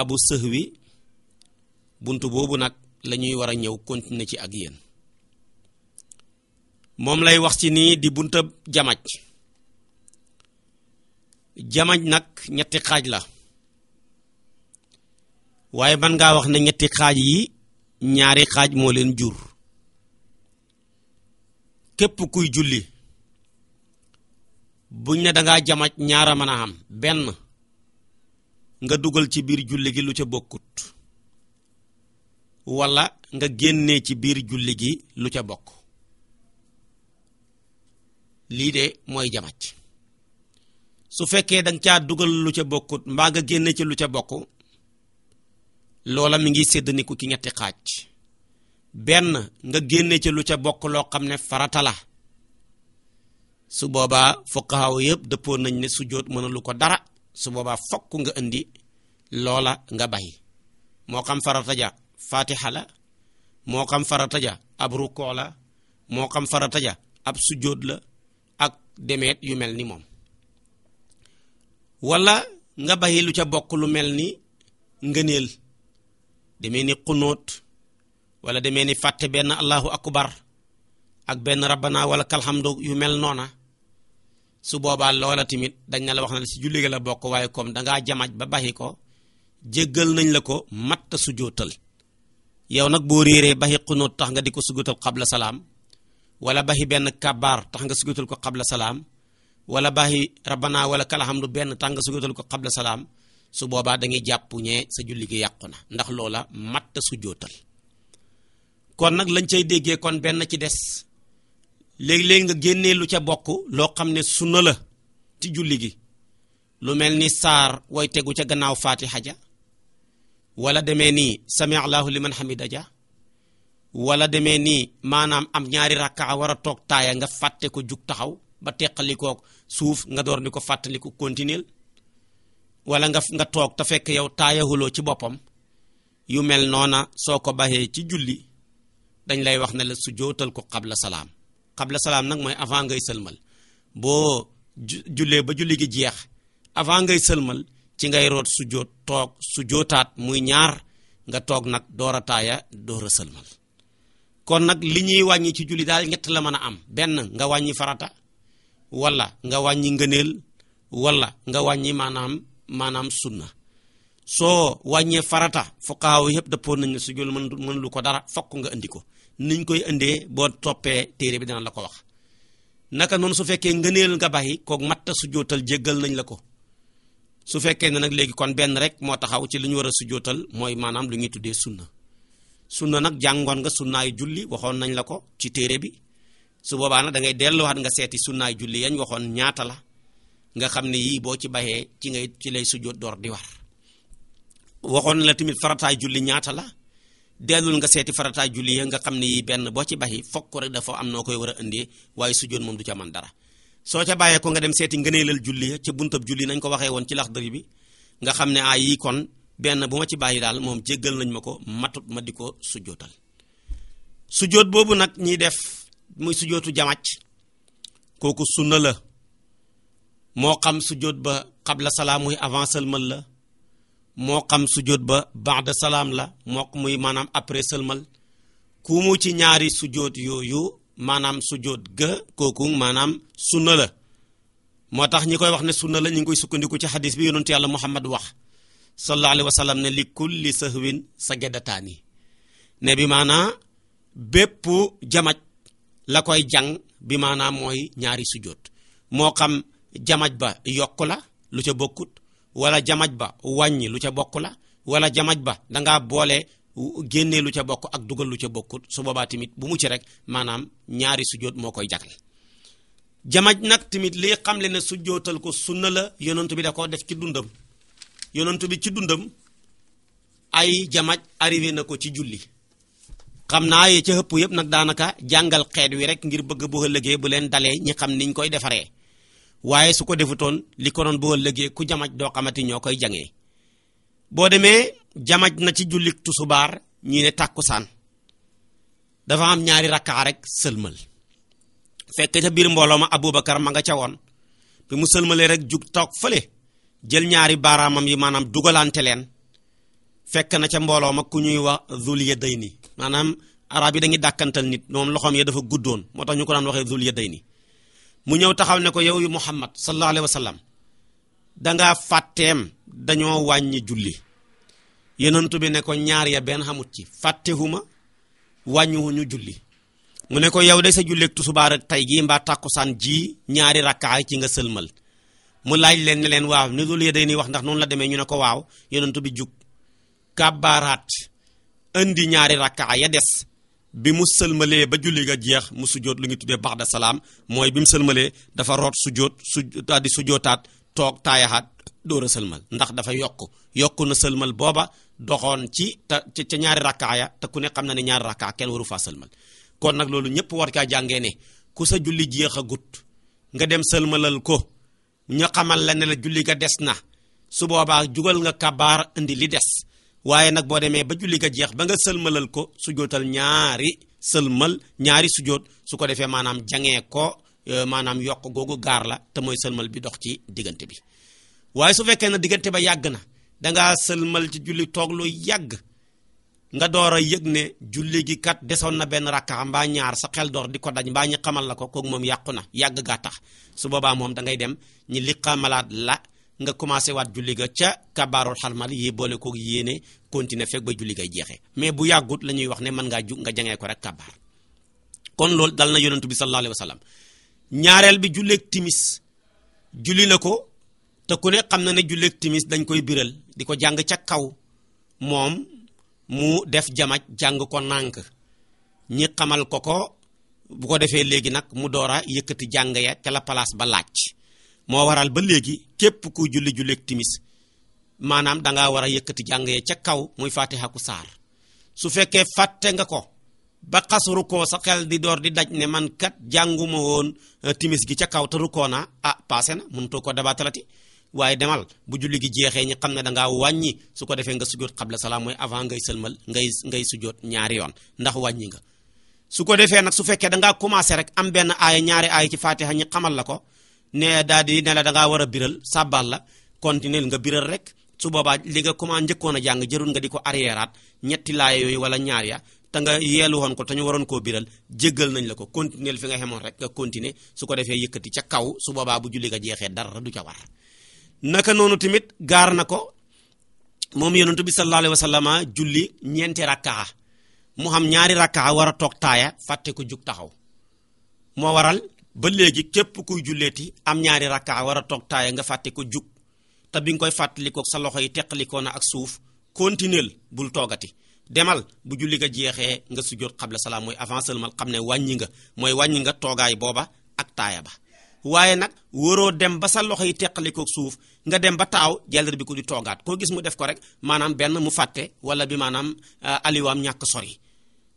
baabu sëx wi bunt boobu nag lañuy ñuy war a ñëw continuer ci ak yéen moom lay wax ci nii di buntab jamaj jamaj nag ñetti xaaj la waaye man ngaa wax ne ñetti xaaj yi ñaari xaaj moo leen jur képp kuy julli buñ ne dangaa jamaj ñaara mën a am benn nga dugal ci biir julli gi lu ca bokkut wala nga génnee ci biir julli gi lu ca bokk lii de mooy jamaj su fekkee dang caa dugal lu ca bokkut mbaa nga génne ci lu ca bokk loola mi ngi séddaniku ki ñetti xaaj benn nga génne ci lu ca bokk loo xam ne farata la su boobaa fuqahaa yépp dëppoon nañ ne sujjóot mënalu ko dara su boobaa fokk nga indi loola nga bàyyi moo xam farata ja fatiha moo xam farata ja ab rukkoo la moo xam farataja ab sujjóot la ak demeet yu mel ni moom wala nga bàyyi lu ca bokk lu mel ni ngëneel demee ni xunóot wala demee ni fàtte benn allahu akbar ak benn rabbana wala kalhamdu yu mel noona su boobaa loola tamit dañ na la wax na si julli la bokk waaye comme dangaa jamaj ba bàyyi ko jéggal nañ la ko matta sujootal yow nag boo réeree baxi xunóot tax nga di ko sujootal xabla salaam wala baxi benn kabaar tax nga sujootal ko xabla salaam wala baxi rabbana wala kalahamdu benn tax nga ko xabla salaam su boobaa da ngay jàpp ñee sa julli gi yàqu na ndax loola matta sujootal kon nag lañ cay déggee kon benn ci des léegi-léegi nga génnee lu ca bokk loo xam ne sunna la ci julli gi lu mel ni saar way tegu ca gannaaw faati xaja wala demee nii sami allahu liman hamida ja wala demee nii maanaam am ñaari rakka war a toog taaya nga fàtte ko jug taxaw ba teqali teqalikook suuf nga door di ko fàttaliku continuer wala nga nga toog ta fekk yow taayahuloo ci boppam yu mel noona soo ko baxee ci julli dañ lay wax ne la su jootal ko xabla salaam xabla salaam nag mooy avant ngay sëlmal boo jullee ba julli gi jeex avant ngay sëlmal ci ngay root su joot toog su jootaat muy ñaar nga toog nag door a door a kon nag li ñuy wàññi ci julli daal ñett la mën a am benn nga wàññi farata walla nga wàññi ngëneel walla nga wàññi maanaam maanaam sunna soo wàññee farata fuqaaw yëpp dëppoon nañ ne su jul mën mën lu ko dara fokk nga indi ko niñ koy indee boo toppee téere bi dana la ko wax naka noonu su fekkee ngëneel nga bàyyi kook matta su jootal jéggal nañ la ko su fekkee ne nag léegi kon benn rek moo taxaw ci li ñu war a sujootal mooy maanaam lu ñuy tuddee sunna sunna nag jàngoon nga sunnaay julli waxoon nañ la ko ci téere bi su boobaa nag da ngay delluwaat nga seeti sunnaay julli yañ waxoon ñaata la nga xam ne yii boo ci baxee ci ngay ci lay sujoot door di war waxoon la tamit farataay julli ñaata la dellul nga seeti farataay julli ya nga xam ne benn boo ci baxi fokk rek dafa am noo koy war a indee waaye sujoot moom du ca mën dara soo ca bàyyee ko nga dem seeti ngëneelal julli ca buntab julli nañ ko waxee woon ci Laxdari bi nga xam ne ay yii kon benn bu ma ci bàyyi daal moom jéggal nañ ma ko matut ma di ko sujjootal sujjoot boobu nag ñiy def muy sujjootu jamac kooku sunna la moo xam sujjoot ba xabla salaam muy avant sëlmal la moo xam sujjoot ba ba'da salaam la moo muy maanaam après sëlmal ku mu ci ñaari sujjoot yooyu maanaam sujjóot ga kooku maanaam sunna la moo tax ñi koy wax ne sunna la ñu ngi koy sukkandiku ci xadis bi yonentu yàlla muhammad wax sallallahu alayhi wa sallam ne li kulli sahwin sajadataani ne bi maanaa bépp jamaj la koy jàng bi maanaa mooy ñaari sujjóot moo xam jamaj ba yokk la lu ca bokkut wala jamaj ba wàññi lu ca bokk la wala jamaj ba dangaa boole génnee lu ca bokk ak dugal lu ca bokkut su boobaa tamit bu mu ci rek maanaam ñaari sujjóot moo koy jagal jamaj nag tamit liy xamle ne sujjóotal ko sunna la yonent bi da ko def ci dundam yonent bi ci dundam ay jamaj arrivé na ko ci julli xam naa yee ca hëpp yëpp nag daanaka jàngal xeet wi rek ngir bëgg bu ëllëgee bu leen dalee ñi xam niñ koy defaree waaye su ko defutoon li ko doon bu ëllëgee ku jamaj doo xamati ñoo koy jangee boo demee jamaj na ci jullik tusubaar ñii ne tàkkusaan dafa am ñaari rakkaa rek sëlmal fekk ca biir mbooloo ma Abubakar ma nga ca woon bi mu sëlmalee rek jug toog fële jël ñaari baaraamam yi maanaam dugalante leen fekk na ca mbooloo ma ku ñuy wax zul yadayni maanaam araab yi dañuy dàkkantal nit moom loxoom ya dafa guddoon moo tax ñu ko daan waxee zul yadayni mu ñëw taxaw ne ko yow yu Muhammad sallallahu alayhi wa sallam dangaa fàtteem dañoo wàññi julli yenantu bi ne ko ñaar ya benn xamut ci fàttewuma wàññiwuñu julli mu ne ko yow de sa julleeg tusubaar ak tey gii mbaa tàkkusaan jii ñaari rakkaay ci nga sëlmal mu laaj leen ne leen waaw ni dul yedee ni wax ndax noonu la demee ñu ne ko waaw yenantu bi jug kàbbaaraat indi ñaari rakkaay ya des bi mu sëlmalee ba julli nga jeex mu sujjóot lu ngi tuddee baxda salaam mooy bi mu sëlmalee dafa root sujjóot su daal di sujjóotaat toog taayaxaat dóor a sëlmal ndax dafa yokk yokk na sëlmal booba doxoon ci te ca ñaari rakkaa ya te ku ne xam na ne ñaari rakkaa kenn waru faa sëlmal kon nag loolu ñëpp war kaa jàngee ne ku sa julli jeex nga dem sëlmalal ko ñu xamal la ne la julli ga des na su boobaa jugal nga kabaar indi li des waaye nag boo demee ba julli ga jeex ba nga sëlmalal ko sujootal ñaari sëlmal ñaari sujoot su ko defee maanaam jangee ko e, maanaam yokk googu gaar la te mooy sëlmal bi dox ci diggante bi waaye su fekkee na diggante ba yàgg na dangaa sëlmal ci julli toog lu yàgg nga door a yëg ne julli gi kat desoon na benn rakka mbaa ñaar sa xel door di ko daj mbaa ñu xamal la ko kooku moom yàqu na yàgg gaa tax su boobaa moom da ngay dem ñi liqamalaat la nga commencé waat julli ca kabaarul xarmal yi boole koog yéene continuer fekk ba julli gay jeexee mais bu yàggut la ñuy wax ne mën ngaa ju nga jangee ko rek kabaar kon loolu dal na yonentu bi sallallahu alayhi ñaareel bi julleeg timis julli na ko te ku ne xam na ne julleeg timis dañ koy biral di ko jàng ca kaw moom mu def jamaj jàng ko nànk ñi xamal ko ko bu ko defee léegi nag mu door a yëkkati jàng ya ca la place ba laaj moo waral ba léegi képp ku julli julleeg timis maanaam da ngaa war a yëkkati jàng ca kaw muy fatiha ku saar su fekkee fàtte nga ko ba xas rukkoo di door di daj ne man kat jànguma woon eh, timis gi ca kaw te na naa ah passé na mënutoo ko dabaatalati waaye demal bu julli gi jeexee ñi xam ne da ngaa wàññi su ko defee nga sujjoot xabla salaam mooy avant ngay sëlmal ngay ngay sujjoot ñaari yoon ndax wàññi nga su ko defee nag su fekkee da ngaa commencé rek am benn aaya ñaari aaya ci fatiha ñi xamal la ko nee daal di ne da ngaa war a biral sabbal la continuer nga biral rek su boobaa li nga commencé njëkkoon a jàng jërul nga di ko arriéraat ñetti laaya yooyu wala ñaar ya te nga yeelu woon ko ta ñu waroon ko biral jéggal nañ la ko continuer fi nga xemoon rek nga su ko defee yëkkati ca kaw su boobaa bu julli nga jeexee dara du ca naka noonu tamit gaar na ko moom yonentu bi sallallahu alayhi wa sallama julli ñeenti rakkaa mu xam ñaari rakkaa war a toog taaya fàtte ko jug taxaw moo waral ba léegi képp kuy julleeti am ñaari rakkaa war a toog taaya nga fàtte ko jug te bi nga koy fàttalikoo sa loxo yi teqalikoo na ak suuf continuel bul toogati demal bu julli nga jeexee nga sujjóot xabla salaam mooy avant seulement xam ne wàññi nga mooy wàññi nga toogaay booba ak taaya ba waaye nag waroo dem ba sa loxo yi teqalikook suuf nga dem ba taaw jàllale bi ko di toogaat koo gis mu def ko rek maanaam benn mu fàtte wala bi maanaam euh, aliwaam ñàkk sori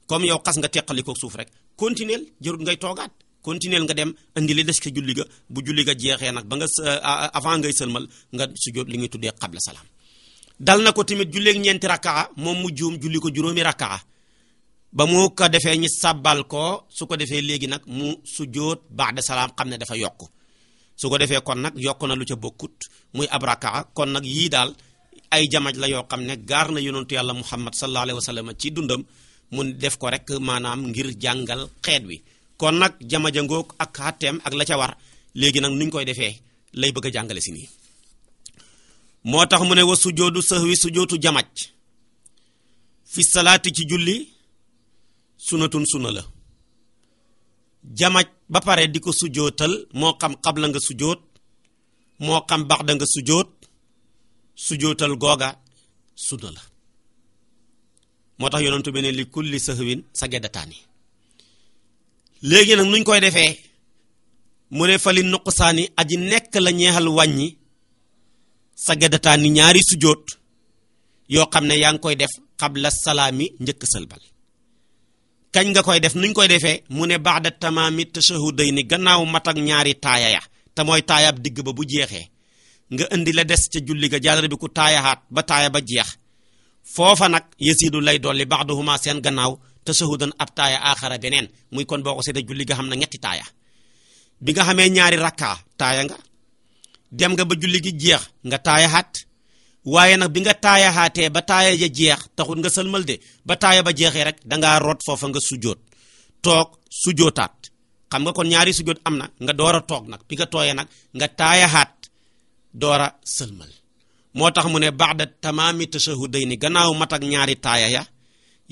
comme yow xas nga teqalikook suuf rek continuel jarut ngay toogaat continuel nga dem indi li des ka julli ga bu julli ga jeexee nag ba nga euh, euh, avant ngay sëlmal nga su sujjóot li ngay tuddee qabla salaam. dal na ko tamit julleeg ñeenti rakkaa moom mu juum julli ko juróomi rakkaa ba mu ko defee ñi sàbbal ko su ko defee léegi nag mu sujjóot ba'da salaam xam ne dafa yokk su ko defee kon nag yokk na lu ca bokkut muy ab kon nag yii daal ay jamaj la yoo xam ne gaar na yonentu yàlla muhammad sallallahu alayhi wa sallam ci dundam mu def ko rek maanaam ngir jàngal xeet wi kon nag jamaja ngoog ak xàtteem ak la ca war léegi nag nuñ koy defee lay bëgg a jàngale si nii moo tax mu ne wa sujoodu sahwi sujootu jamaj fi salaati ci julli sunnatun sunna la jamaj ba pare di ko sujootal moo xam xabla nga sujoot moo xam baxda nga sujoot sujootal googa sunna la moo tax yonentu bi ne li kulli sahwin sa geddataani léegi nag nuñ koy defee mu ne fali nuqsaani aji nekk la ñeexal wàññi sa geddataani ñaari sujoot yoo xam ne yaa ngi koy def xabla salaami njëkk sëlbal kañ nga koy def nuñ koy defee mu ne baax ba'da tamaami ni gannaaw mat ak ñaari taaya ya te mooy taayaab digg ba bu jeexee nga indi la des ca julli ga jàllale bi ku taayaxaat ba taaya ba jeex foofa nag yasiidu lay dolli ba'duhuma seen gannaaw tashahudan ab taaya aaxara beneen muy kon boo ko seetee julli nga xam na ñetti taaya bi nga xamee ñaari rakka taaya nga dem nga ba julli gi jeex nga taayaxaat waaye nag bi nga taayaxaatee ba taaya ja jeex taxul nga sëlmal de ba taaya ba jeexee rek dangaa root foofa nga sujjoot toog sujjootaat xam nga kon ñaari sujjoot am na nga door a toog nag bi nga tooyee nag nga taayaxaat door a moo tax mu ne ba'da tamaami tashahudayni gannaaw mat ak ñaari taaya ya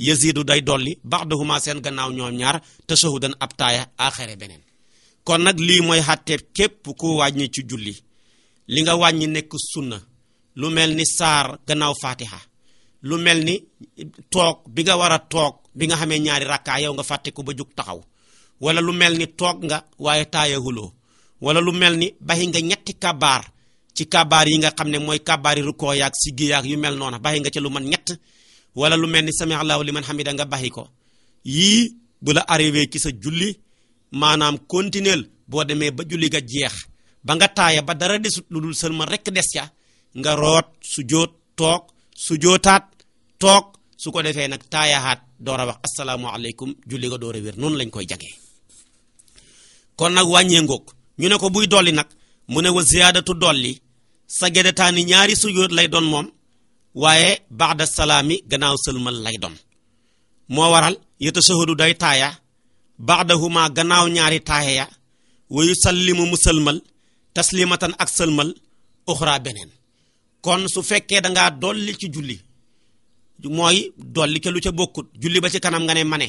yazidu day dolli ba'dahuma seen gannaaw ñoom ñaar tashahudan ab taaya axere beneen kon nag lii mooy xàtteeb képp ku wàññi ci julli li nga wàññi nekk sunna lu mel ni saar gannaaw fatiha lu mel ni toog bi nga war a toog bi nga xamee ñaari rakkaa yow nga fàtte ko ba jug taxaw wala lu mel ni toog nga waaye taayahuloo wala lu mel ni baxi nga ñetti kabaar ci kabaar yi nga xam ne mooy kabaar yi rukkoo yaag siggi yaag yu mel noona baxi nga ci lu man ñett wala lu mel ni sami allahu liman hamida nga baxi ko yii bu la arrivé ci sa julli maanaam continuel boo demee ba julli nga jeex ba nga taaya ba dara desut lu dul sëlma rekk des ya nga root su joot toog su jootaat toog su ko defee nag taayaxaat door a wax asalaamualeykum julli nga door a wér noonu lañ koy jage kon nag wàññee ngoog ñu ne ko buy dolli nag mu ne wa ziyaadatu dolli sa gedetaani ñaari sujoot lay doon moom waaye baax baada salaami gannaaw sëlmal lay doon moo waral yeta sahadu day taaya baadahuma gannaaw ñaari taaya ya wa yusallimu mu sëlmal taslimatan ak sëlmal uxra beneen kon su fekkee dangaa dolli ci julli mooy dolli ke lu ca bokkut julli ba ci kanam nga ne mane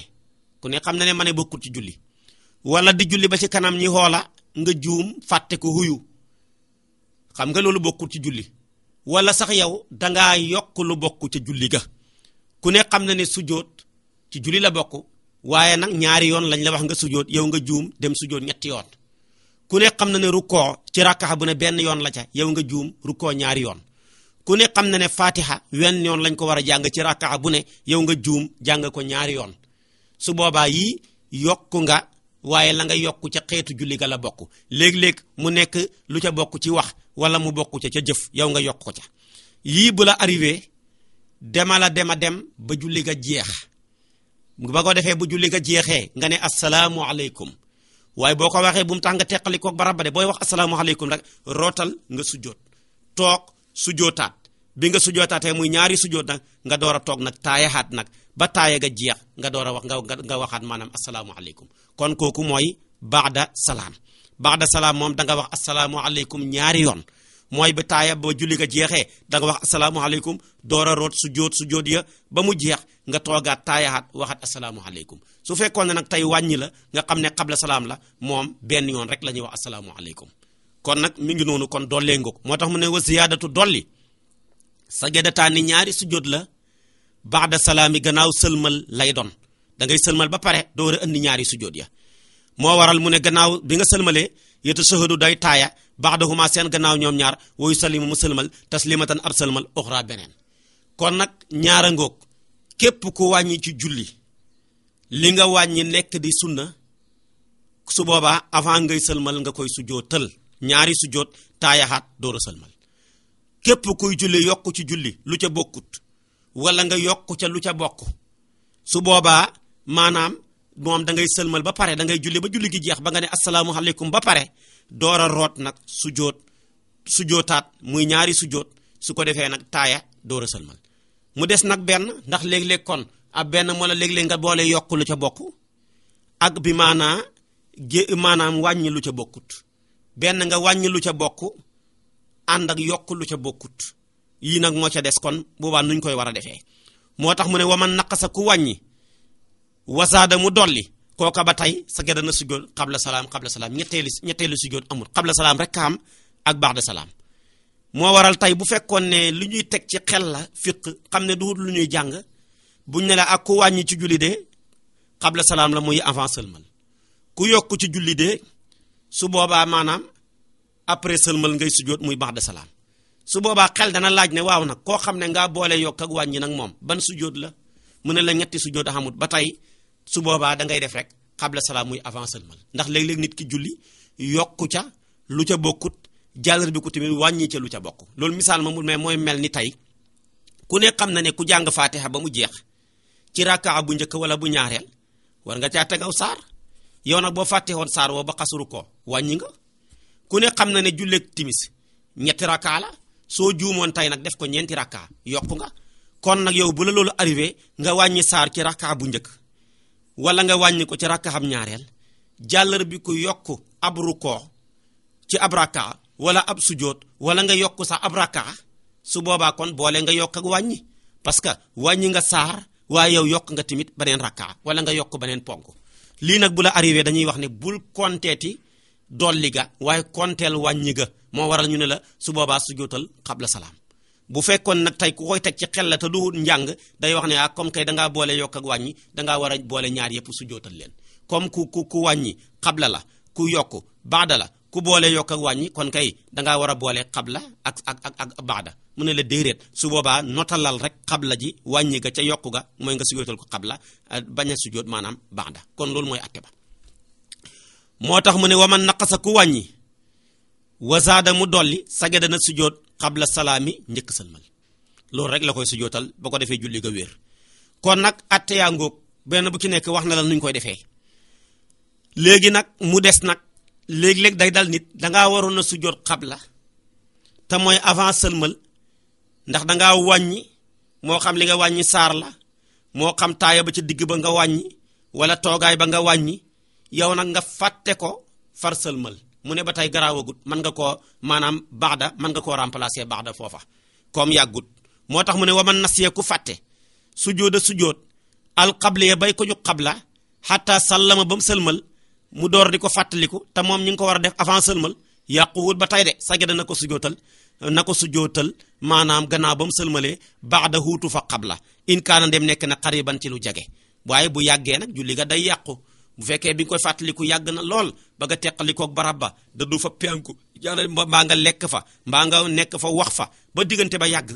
ku ne xam na ne mane bokkut ci julli wala di julli ba ci kanam ñi xoola nga juum fàtte ko huyu xam nga loolu bokkut ci julli wala sax yow dangaa yokk lu bokk ci julli ga ku ne xam na ne sujjóot ci julli la bokk waaye nag ñaari yoon lañ la wax nga sujjóot yow nga juum dem sujjóot ñetti yoon ku ne xam na ne rukkoo ci rakkaxa bu ne benn yoon la ca yow nga juum rukkoo ñaari yoon ku ne xam na ne fatiha wenn yoon lañ ko war a jàng ci rakka bu ne yow nga juum jàng ko ñaari yoon su boobaa yii yokku nga waaye la nga yokku ca xeetu julli ga la bokk léeg-léeg mu nekk lu ca bokk ci wax wala mu bokku ca ca jëf yow nga yokk ko ca yii bu la arrivé dema la dema dem ba julli ga jeex ba ko defee bu julli ga jeexee nga ne asalaamu aleykum waaye boo ko waxee bu mu tax nga teqali koog barab ba de booy wax asalaamu aleykum rek rootal nga sujjoot toog sujootaat bi nga sujootaatee muy ñaari sujoot nag nga door a toog nag taayaxaat nag ba taaya ga jeex nga door a wax nga nga waxaat maanaam asalaamualeykum kon kooku mooy baada salaam baada salaam moom da nga wax asalaamualeykum ñaari yoon mooy ba taaya ba julli ga jeexee da wax asalaamualeykum door a root sujoot sujoot ya ba mu jeex nga toogaat taayaxaat waxaat asalaamualeykum su fekkoon ne nag tey wàññi la nga xam ne xabla salaam la moom benn yoon rek la ñuy wax asalaamualeykum kon nag mi ngi kon dollee nga ko moo tax mu ne wa ziyaadatu dolli sajadataani ñaari sujjóot la ba'da salaami gannaaw sëlmal lay doon da ngay sëlmal ba pare door indi ñaari sujjóot ya moo waral mu ne gannaaw bi nga sëlmalee yëtu sahadu day taaya ba'dahuma seen gannaaw ñoom ñaar woyu salima mu sëlmal taslimatan ab sëlmal uxra beneen kon nag ñaara ngoog képp ku wàññi ci julli li nga wàññi nekk di sunna su boobaa avant ngay sëlmal nga koy sujjóotal ñaari sujjóot taayaxaat door a salmal képp kuy julli yokk ci julli lu ca bokkut wala nga yokk ca lu ca bokk su boobaa maanaam moom dangay ngay sëlmal ba pare da ngay julli ba julli gi jeex ba nga ne asalaamualeykum ba pare door a root nag sujjóot sujjóotaat muy ñaari sujjóot su ko defee nag taaya door a sëlmal mu des nag benn ndax léeg-léeg kon ab benn moo la léeg-léeg nga boole yokk lu ca bokk ak bi maanaa gé maanaam wàññi lu ca bokkut benn nga wàññi lu ca bokk ànd ak yokk lu ca bokkut yii nag moo ca des kon boobaa nuñ koy war a defee moo tax mu ne waman naqasa ku wàññi wasaada mu dolli kooka ba tey sa gëdd na sujjóot xabla salaam xabla salaam ñetteelu ñetteelu sujjóot amul xabla salaam rek am ak baax de salaam moo waral tey bu fekkoon ne lu ñuy teg ci xel la fiq xam ne du lu ñuy jàng buñ ne ak ku wàññi ci julli de xabla salaam la muy avant seulement ku yokk ci julli de su boobaa maanaam après sëlmal ngay sujjóot muy ba'da salaam su boobaa xel dana laaj ne waaw nag koo xam ne ngaa boole yokk ak wàññi nag moom ban sujjóot la mu ne la ñetti sujjóot xamut ba tey su boobaa da ngay def rek xable salaam muy avant sëlmal ndax léeg-léeg nit ki julli yokku ca lu ca bokkut jàllar bi ko tamit wàññi ca lu ca bokk loolu misaal ma mu mais mooy mel ni tey ku ne xam na ne ku jàng faatiha ba mu jeex ci rakkaa bu njëkk wala bu ñaareel war nga caa tegaw saar yow nag boo fàtte woon saar woo ba xasuru ko wàññi nga ku ne xam na ne julleeg timis ñetti rakka soo juumoon tey nag def ko ñeenti rakka yokku nga kon nag yow bu la loolu arrivé nga wàññi saar ci rakka bu njëkk wala nga wàññi ko ci rakka xam ñaareel jàllar bi ku yokk ab rukkoo ci ab rakka wala ab sujoot wala nga yokk sax ab rakka su boobaa kon boole nga yokk ak wàññi parce que wàññi nga saar waaye yow yokk nga tamit beneen rakka wala nga yokk beneen ponk lii nag bu la arrivé dañuy wax ne bul konteeti dolli ga waaye konteel wàññi ga moo waral ñu ne la su boobaa sujjóotal xabla salaam bu fekkoon nag tey ku koy teg ci xel la te du njàng day wax ne ah comme kay dangaa boole yokk ak wàññi dangaa war a boole ñaar yëpp sujjóotal leen comme ku ku ku wàññi xabla la ku yokk baada la ku boole yokk ak wàññi kon kay dangaa war a boole xabla ak ak ak ak baada mu ne la déeréet su boobaa notalal rek xabla ji wàññi ga ca yokku ga mooy nga sujootal ko xabla eh, bañ sujoot maanaam baada kon loolu mooy atte moo tax mu ne wa man naqasa ku wàññi wasaada mu dolli sagada na sujoot xabla salaami njëkk sëlmal loolu rek la koy sujootal ba ko defee julli ga wér kon nag atte yaa ngóog benn bu ci nekk wax na la nuñ koy defee léegi nag mu des nag léegi léeg day dal nit dangaa waroon a sujjóot xabla te mooy avant sëlmal ndax dangaa wàññi moo xam li nga wàññi saar la moo xam taaya ba ca digg ba nga wàññi wala toogaay ba nga wàññi yow nag nga fàtte ko far sëlmal mu ne ba tey garaawagut mën nga ko maanaam baxda mën nga koo remplacer baxda foofa comme yàggut moo tax mu ne wa man nasiyee ku fàtte sujjóot a sujjóot al xable bay ko ñu xabla xataa sàllama ba mu sëlmal mu door di ko fàttaliku te moom ñu ngi ko war a def avant sëlmal yàquwul ba tey de sajada na ko sujootal na ko sujootal maanaam gannaaw ba mu sëlmalee ba'da huutu fa qabla in kaana dem nekk na xariban ci lu jege waaye bu yàggee nag julli ga day yàqu bu fekkee bi nga koy fàttaliku yàgg na lool ba nga teqalikoog barab ba dëddu fa penku yàlla mbaa nga lekk fa mbaa nga nekk fa wax fa ba diggante ba yàgg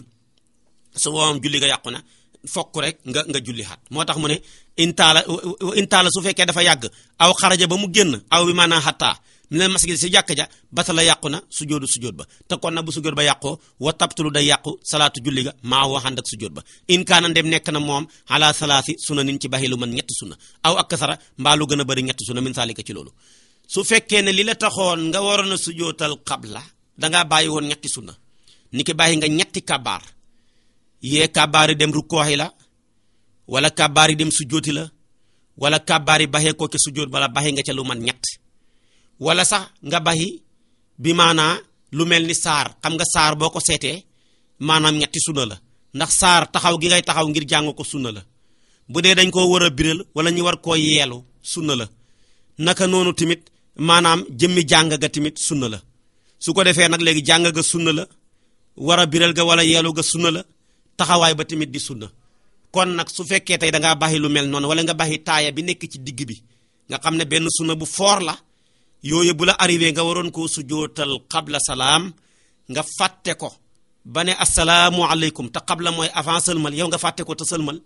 su boobaa julli ga yàqu na fokk rek nga nga julli xaat moo tax mu ne intaala intaala su fekkee dafa yàgg aw xaraja ba mu génn aw bi maanaam xattaa mi ne masjid si jàkka ja la yàqu na sujjóotu sujjóot ba te kon nag bu sujjóot ba yàqoo wa tabtulu day yàqu salaatu julli ga maa waxand ak sujjóot ba in kaana ndem nekk na moom ala salaasi suna nin ci baxilu man ñetti suna aw ak kasara mbaa lu gën a bëri ñetti suna min saalika ci loolu su fekkee ne li la taxoon nga waroon a sujjóotal qabla dangaa bàyyi woon ñetti suna ni ki bàyyi nga ñetti kabaar yee kàbbaari dem rukkooxi la wala kàbbaari dem sujjóoti la wala kàbbaari baxee ko ca sujjóot wala baxi nga ca lu man ñett wala sax nga baxi bi maanaa lu mel ni saar xam nga saar boo ko seetee maanaam ñetti sunna la ndax saar taxaw gi ngay taxaw ngir jàng ko sunna la bu dee dañ koo war a biral wala ñu war koo yeelu sunna la naka noonu tamit maanaam jëmmi jàng ga tamit sunna la su ko defee nag léegi jàng ga sunna la war a biral ga wala yeelu ga sunna la taxawaay ba tamit di sunna kon nag su fekkee tey da ngaa bàyyi lu mel noonu wala nga bàyyi taaya bi nekk ci digg bi nga xam ne benn sunna bu foor la yooyu bu la arrivé nga waroon koo sujootal xabla salaam nga fàtte ko ba ne asalaamu aleykum te qabla mooy avant sëlmal yow nga fàtte ko te sëlmal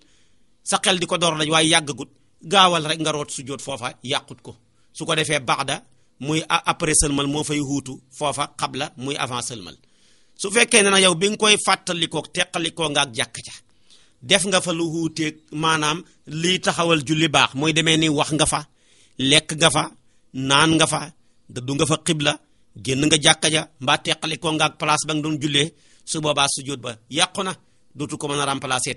sa xel di ko door lañ waaye yàggagut gaawal rek nga root sujoot foofa yàqut ko su ko defee baax da muy après sëlmal moo fay huutu foofa xabla muy avant sëlmal su fekkee ne nag yow bi nga koy fàttalikoo teqalikoo nga ak jàkk ja def nga fa lu wuuteeg maanaam liy taxawal julli baax mooy demee ni wax nga fa lekk nga fa naan nga fa du nga fa xibla génn nga jàkka ja mbaa teqalikoo nga ak place nga doon jullee su boobaa sujjóot ba yàqu na dootu ko mën a remplacer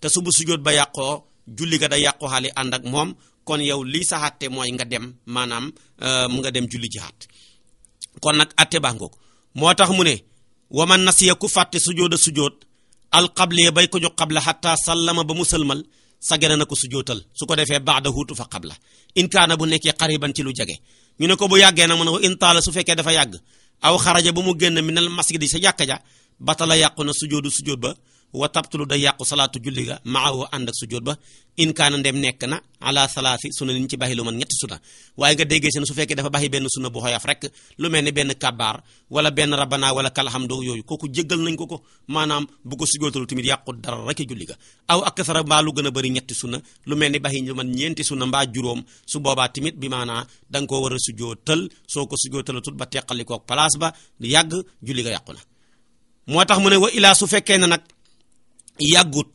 te su bu sujjóot ba yàqoo julli ga da yàqu xaali ànd ak moom kon yow lii sa àtte mooy nga dem maanaam mu euh, nga dem julli jihaat kon nag àtte baa ngoog moo tax mu ne wa man nasiya ku fàtte sujooda al alxable bay ko jox xabla xatta sallama ba mu sëlmal sagana na ko sujootal su ko defee baax da huutu fa xabla in kaana bu nekkee xariban ci lu jege ñu ne ko bu yàggee nag mu ne ko in taala su fekkee dafa yàgg aw xaraja ba mu génn minal masjidi sa jàkka ja batala yàqu na sujoodu sujoot ba wa tabtulu day yàqu salaatu julli ga maahu ànd ak sujjóot ba in kaana ndem nekk na ala salaasi sunna liñ ci baxi lu man ñetti sunna waaye nga déggee ne su fekkee dafa baxi benn sunna bu xoyaf rek lu mel ni benn kabaar wala benn rabbana wala kalhamdu yooyu kooku jéggal nañ ko ko maanaam bu ko sujjóotalu tamit yàqu dara rek julli ga aw akthara mbaa lu gën a bëri ñetti sunna lu mel ni baxi lu man ñeenti sunna mbaa juróom su boobaa tamit bi maanaa da koo war a sujjóotal soo ko sujjóotala tut ba teqali ba yàgg julli ga yàqu na moo tax mu ne wa ilaa su fekkee yàggut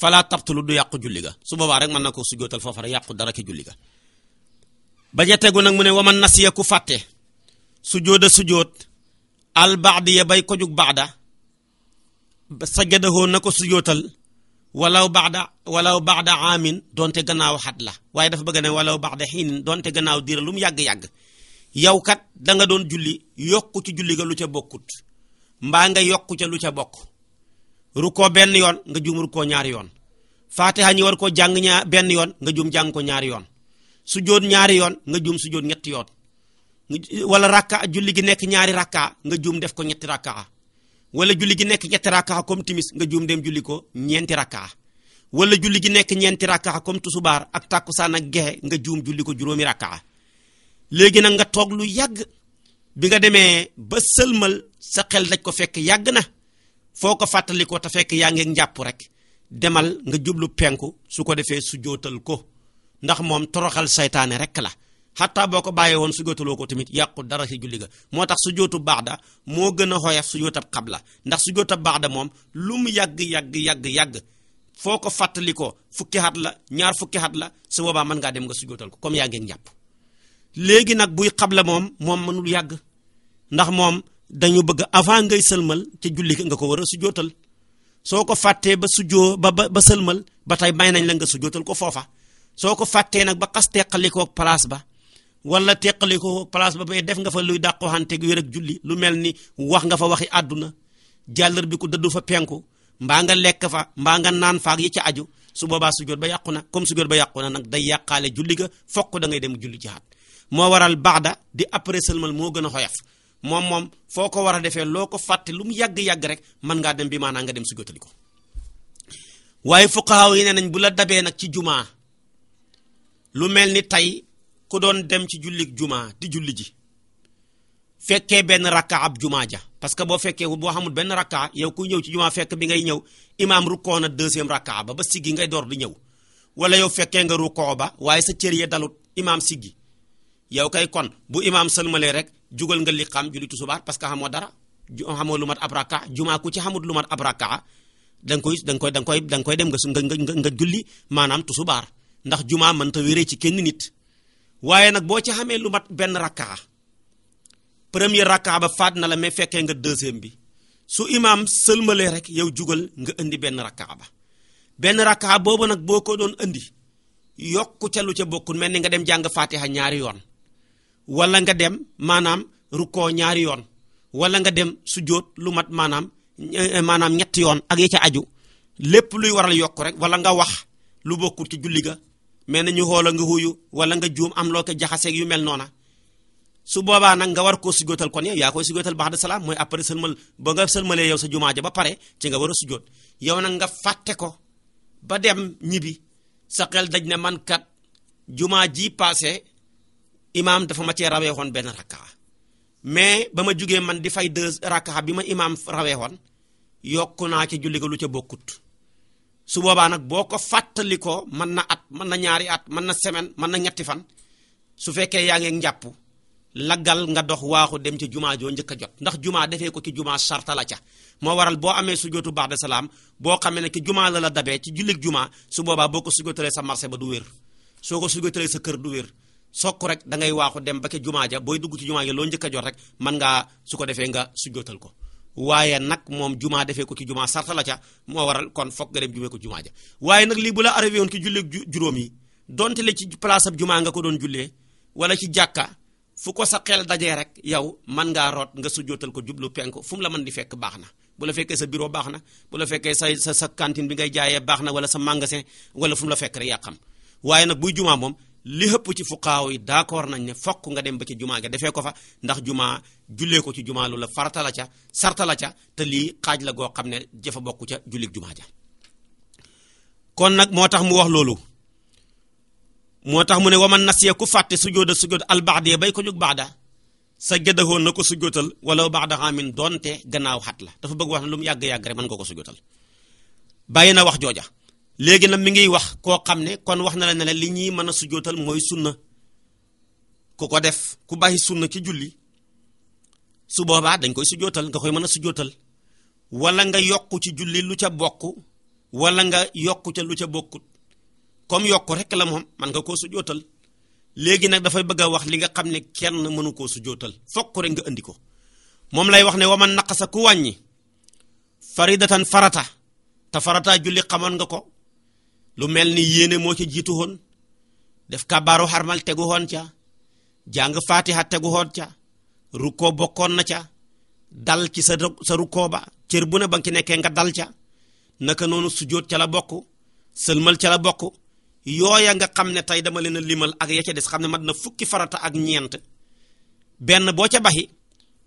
falaa tabtulu du yàqu julli ga su boobaa rek mën na ko sujjóotal foofa rek yàqu dara ki julli ga ba ja tegu nag mu ne waman nasiya ku fàtte sujjóota sujjóot al baadiya bay ko jug baada sajadahoo na ko sujjóotal walaw baada walaw baada aamin donte gannaaw xat la waaye dafa bëgg ne wu baada xiinin donte gannaaw diira lu mu yàgg-yàgg yow kat danga doon julli yokku ci julli ga lu ca bokkut mbaa nga yokku ca lu ca bokk rukkoo benn yoon nga juum rukkoo ñaari yoon faate faatiha ñi war koo jàng ñaar benn yoon nga juum jàng ko ñaari yoon sujjóot ñaari yoon nga juum sujjóot ñetti yoon wala rakka julli gi nekk ñaari rakka nga juum def ko ñetti rakka wala julli gi nekk ñetti rakka comme timis nga juum dem julli ko ñeenti rakka wala julli gi nekk ñeenti rakka comme tusubaar ak takkusaan ak gexe nga juum julli ko juróomi rakka léegi nag nga toog lu yàgg bi nga demee ba sëlmal sa xel daj ko fekk yàgg na foo ko fàttalikoo te fekk yaa ngeen jàpp rek demal nga jublu penku su ko defee su jootal ko ndax moom toroxal saytaane rek la xataa boo ko bàyyee woon su jootaloo ko tamit yàqu dara si julli ga moo tax su jootu baax da moo gën a xoyaf su jootab xabla ndax su jootab baax da moom lu mu yàgg yàgg yàgg yàgg foo ko ko fukki xat la ñaar fukki xat la su boobaa mën ngaa dem nga su jootal ko comme yaa ngeen jàpp léegi nag buy xabla moom moom mënul yàgg ndax moom dañu bëgg avant ngay sëlmal ca julli nga ko war a sujootal soo ko fàttee ba sujoo ba ba sëlmal ba tey bay nañ la nga sujootal ko foofa soo ko fàttee nag ba xas teqalikoo place ba wala teqalikoo place ba bay def nga fa luy dàqoxanteeg wér ak julli lu mel ni wax nga fa waxi àdduna jàllar bi ko dëddu fa penku mbaa nga lekk fa mbaa nga naan faak yi ca aju su boobaa sujoot ba yàqu na comme sujoot ba yàqu na nag day yàqaale julli ga fokk dangay dem julli moo waral baada di après sëlmal moo gën a xoyaf moom moom foo ko war a defee loo ko fàtte lu mu yàgg-yàgg rek mën ngaa dem bi maanaa nga dem si gotali ko waaye fuqaha yi nee nañ bu la dabee nag ci jumaa lu mel ni tey ku doon dem ci julli jumaa di julli ji fekkee benn rakka ab jumaa ja parce que boo fekkee boo xamul benn rakka yow kuy ñëw ci jumaa fekk bi ngay ñëw imaam rukkoo na deuxième rakka ba ba siggi ngay door di ñëw wala yow fekkee nga rukkoo ba waaye sa cër ya dalut imaam siggi yow kay kon bu imaam sëlmalee rek jugal nga li xam julli tusubaar parce que xamoo dara xamoo lu mat ab rakka jumaa ku ci xamut lu mat ab rakka da nga koy da nga koy da nga koy da nga koy dem nga su nga nga julli maanaam tusubaar ndax jumaa mënta wéree ci kenn nit waaye nag boo ci xamee lu mat benn rakka premier rakka ba faat na la mais fekkee nga deuxième bi su imaam sëlmalee rek yow jugal nga indi benn rakka ba benn rakka boobu nag boo ko doon indi yokku ca lu ca bokkul mel ni nga dem jàng fatiha ñaari yoon wala nga dem maanaam rukkoo ñaari yoon wala nga dem sujjóot lu mat maanaam eh, maanaam ñetti yoon ak yi ca aju lépp luy waral yokk rek wala nga wax lu bokkul ci julli ga mais nañu xoolal nga huyu wala nga juum am loo ko jaxaseeg yu mel noona su boobaa nag nga war koo sujjóotal kon yow yaa koy sujjóotal ba'da salaam mooy après sëlmal ba nga sëlmalee yow sa jumaa ja ba pare nga war a sujjóot yow nag nga fàtte ko ba dem ñibi sa xel daj ne man kat jumaa ji passé imaam dafa ma cee rawee woon benn rakka mais ba ma jugee man di fay deux rakka bi ma imaam rawee woon yokk naa ci julli lu ca bokkut su boobaa nag boo ko fàttali ko mën na at mën na ñaari at mën na semaine mën na ñetti fan su fekkee yaa ngi njàpp laggal nga dox waaxu dem ci jumaa joo njëkk jot ndax jumaa defee ko ci jumaa sarta la ca moo waral boo amee su jotu baax de salaam boo xamee ne ci jumaa la la dabee ci jullig jumaa su boobaa boo ko sujootalee sa marché ba du soo ko sujootalee sa kër du wér sokk rek da ngay waaxu dem ba ke jumaa ja booy dugg ci jumaa ja loo njëkk a jot rek mën ngaa su ko defee nga sujjootal ko waaye nag moom jumaa defee ko ci jumaa sarta la moo waral kon fokk nga dem jumee ko jumaa ja waaye nag lii bu la arrivé woon ki julleeg juróom yi donte le ci place ab jumaa nga ko doon jullee wala ci jàkka fu ko sa xel dajee rek yow mën ngaa root nga sujjootal ko jublu penk fu la mën di fekk baax na bu la fekkee sa bureau baax na bu la fekkee sa sa sa cantine bi ngay jaayee baax na wala sa magasin wala fu la fekk rek yaa xam waaye nag buy jumaa moom li ëpp ci fuqaaw yi d'accord nañ ne fokk nga dem ba ci jumaa ga defee ko fa ndax jumaa jullee ko ci jumaa lu la farata la ca sarta la ca te lii xaaj la goo xam ne jafa bokku ca jullik jumaa ja kon nag moo tax mu wax loolu moo tax mu ne waman nasiya ku fàtte sujjóoda sujjóot albaxdee bay ko jóg baxda sa jëdahoon na ko sujjóotal wala baxdaha min doonte gannaaw xat la dafa bëgg wax ne lu mu yàgg-yàgg man mën nga ko sujjóotal bàyyi na wax jooja léegi nag mi ngiy wax koo xam ne kon wax na la ne la li ñuy mën a sujootal mooy sunna ku ko def ku bàyyi sunna ci julli su boobaa dañ koy sujootal nga koy mën a sujootal wala nga yokk ci julli lu ca bokk wala nga yokk lu ca bokkut comme yokk rek la moom man nga koo sujootal léegi nag dafay bëgg wax li nga xam ne kenn mënu koo sujootal fokk rek nga indi ko moom lay wax ne waman naqasa ku wàññi faridatan farata te farataa julli xamoon nga ko lu mel ni yéene moo ci jiitu woon def kabaaru xarmal tegu woon ca jàng faatiha tegu woon ca rukkoo bokkoon na ca dal ci sa sa rukkoo ba cër bu ne ba nga ci nekkee nga dal ca naka noonu sujjóot ca la bokk sëlmal ca la bokk yooya nga xam ne tey dama leen a limal ak ya ca des xam ne mat na fukki farata ak ñeent benn boo ca baxi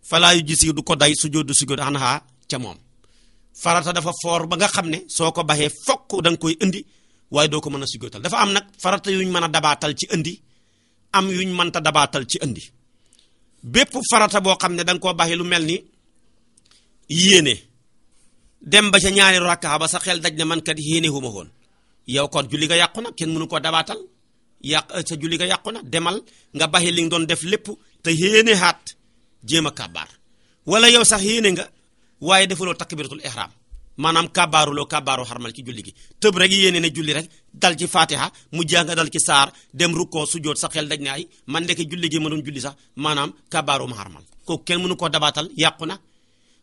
falaa yu gis du ko day sujjóot du sujjóot xanaa ca moom farata dafa foor ba nga xam ne soo ko baxee fokk da nga koy indi waaye doo ko mën a sujootal dafa am nag farata yuñ mën a dabaatal ci indi am yuñ mënta dabaatal ci indi bépp farata boo xam ne danga nga koo bàyyi lu mel ni yéene dem ba ca ñaari rakka ba sa xel daj ne man kat yéene wu ma woon yow kon julli nga yàqu na kenn mënu ko dabaatal yàq euh, sa julli nga yàqu na demal nga bàyyi li nga doon def lépp te yéene xaat jéem a kàbbaar wala yow sax yéene nga waaye defuloo takbiratul ihram maanaam kaabaaruloo kabbaaru xarmal ci julli gi tëb rek yéene ne julli rek dal ci fatiha mu jàng dal ci saar dem rukkoo sujjoot sa xel daj ne ay man ndeke julli gi ma doon julli sax maanaam kabbaaruma xarmal kooku kenn mënu koo dabaatal yàqu na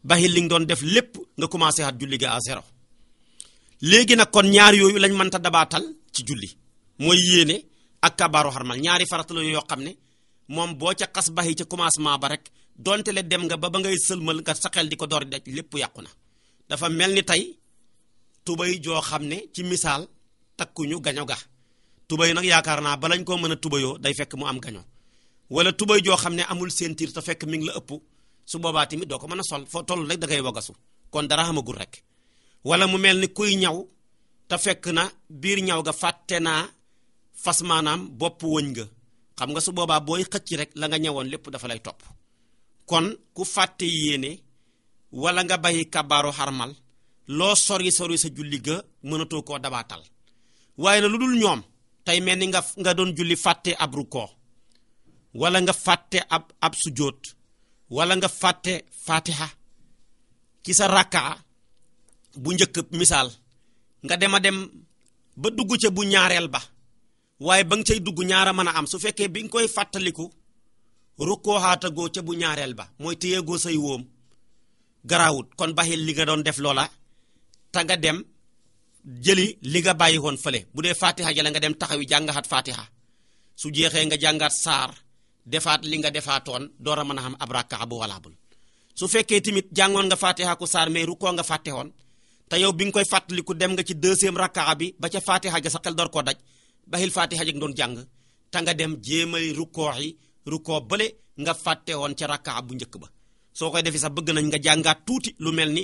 baxil li nga doon def lépp nga commencé at julli ga léegi nag kon ñaar yooyu lañ mënta dabaatal ci julli mooy yéene ak kabaaru xarmal ñaari faratala yoo xam ne moom boo ca xas baxi ca commencement ba rek donte le dem nga ba ba ngay sëlmal nga sa xel di ko door daj lépp yàqu na dafa mel ni tey tubay joo xam ne ci misaal takkuñu gaño ga tubay nag yaakaar naa balañ koo mën a tubayoo day fekk mu am gaño wala tubay joo xam ne amul ceinture te fekk mi ngi la ëpp su boobaa tamit doo ko mën a sol foo toll rek da ngay wagasu kon dara xamagul rek wala mu mel ni kuy ñaw te fekk na biir ñaw ga fàtte naa fas maanaam bopp wëñ nga xam nga su boobaa booy xëcc rek la nga ñawoon lépp dafa lay topp kon ku fàtte yéene wala nga bàyyi kabaru xarmal loo sori sori sa julli ga mënatoo koo dabaatal waaye na lu dul ñoom tey mel ni nga nga doon julli fàtte ab rukkoo wala nga fàtte ab ab sujjóot wala nga fàtte fatiha ki sa rakkaa bu njëkk misaal nga dem a dem ba dugg ca bu ñaareel ba waaye ba nga cay dugg ñaara mën a am su fekkee bi nga koy fàttaliku rukkoo xaatagoo ca bu ñaareel ba mooy téyeegoo say wóom garaawut kon baxil li nga doon def loola ta nga dem jëli li nga bàyyi woon fële bu dee fatiha la nga dem taxawi jàngaxat fatiha su jeexee nga jàngat saar defaat li nga defaatoon door a mën a xam ab rakka bu walaabul su fekkee tamit jàngoon nga fatiha saar mais rukkoo nga fàtte woon te yow bi nga koy fàttaliku dem nga ci deuxième rakka bi ba ca fatiha ga sa xel door koo daj baxil fatiha ja nga doon jàng ta nga dem jéemay rukkoo yi rukkoo bële nga fàtte woon ca rakka bu njëkk ba soo koy defee sa bëgg nañ nga jàngaat tuuti lu mel ni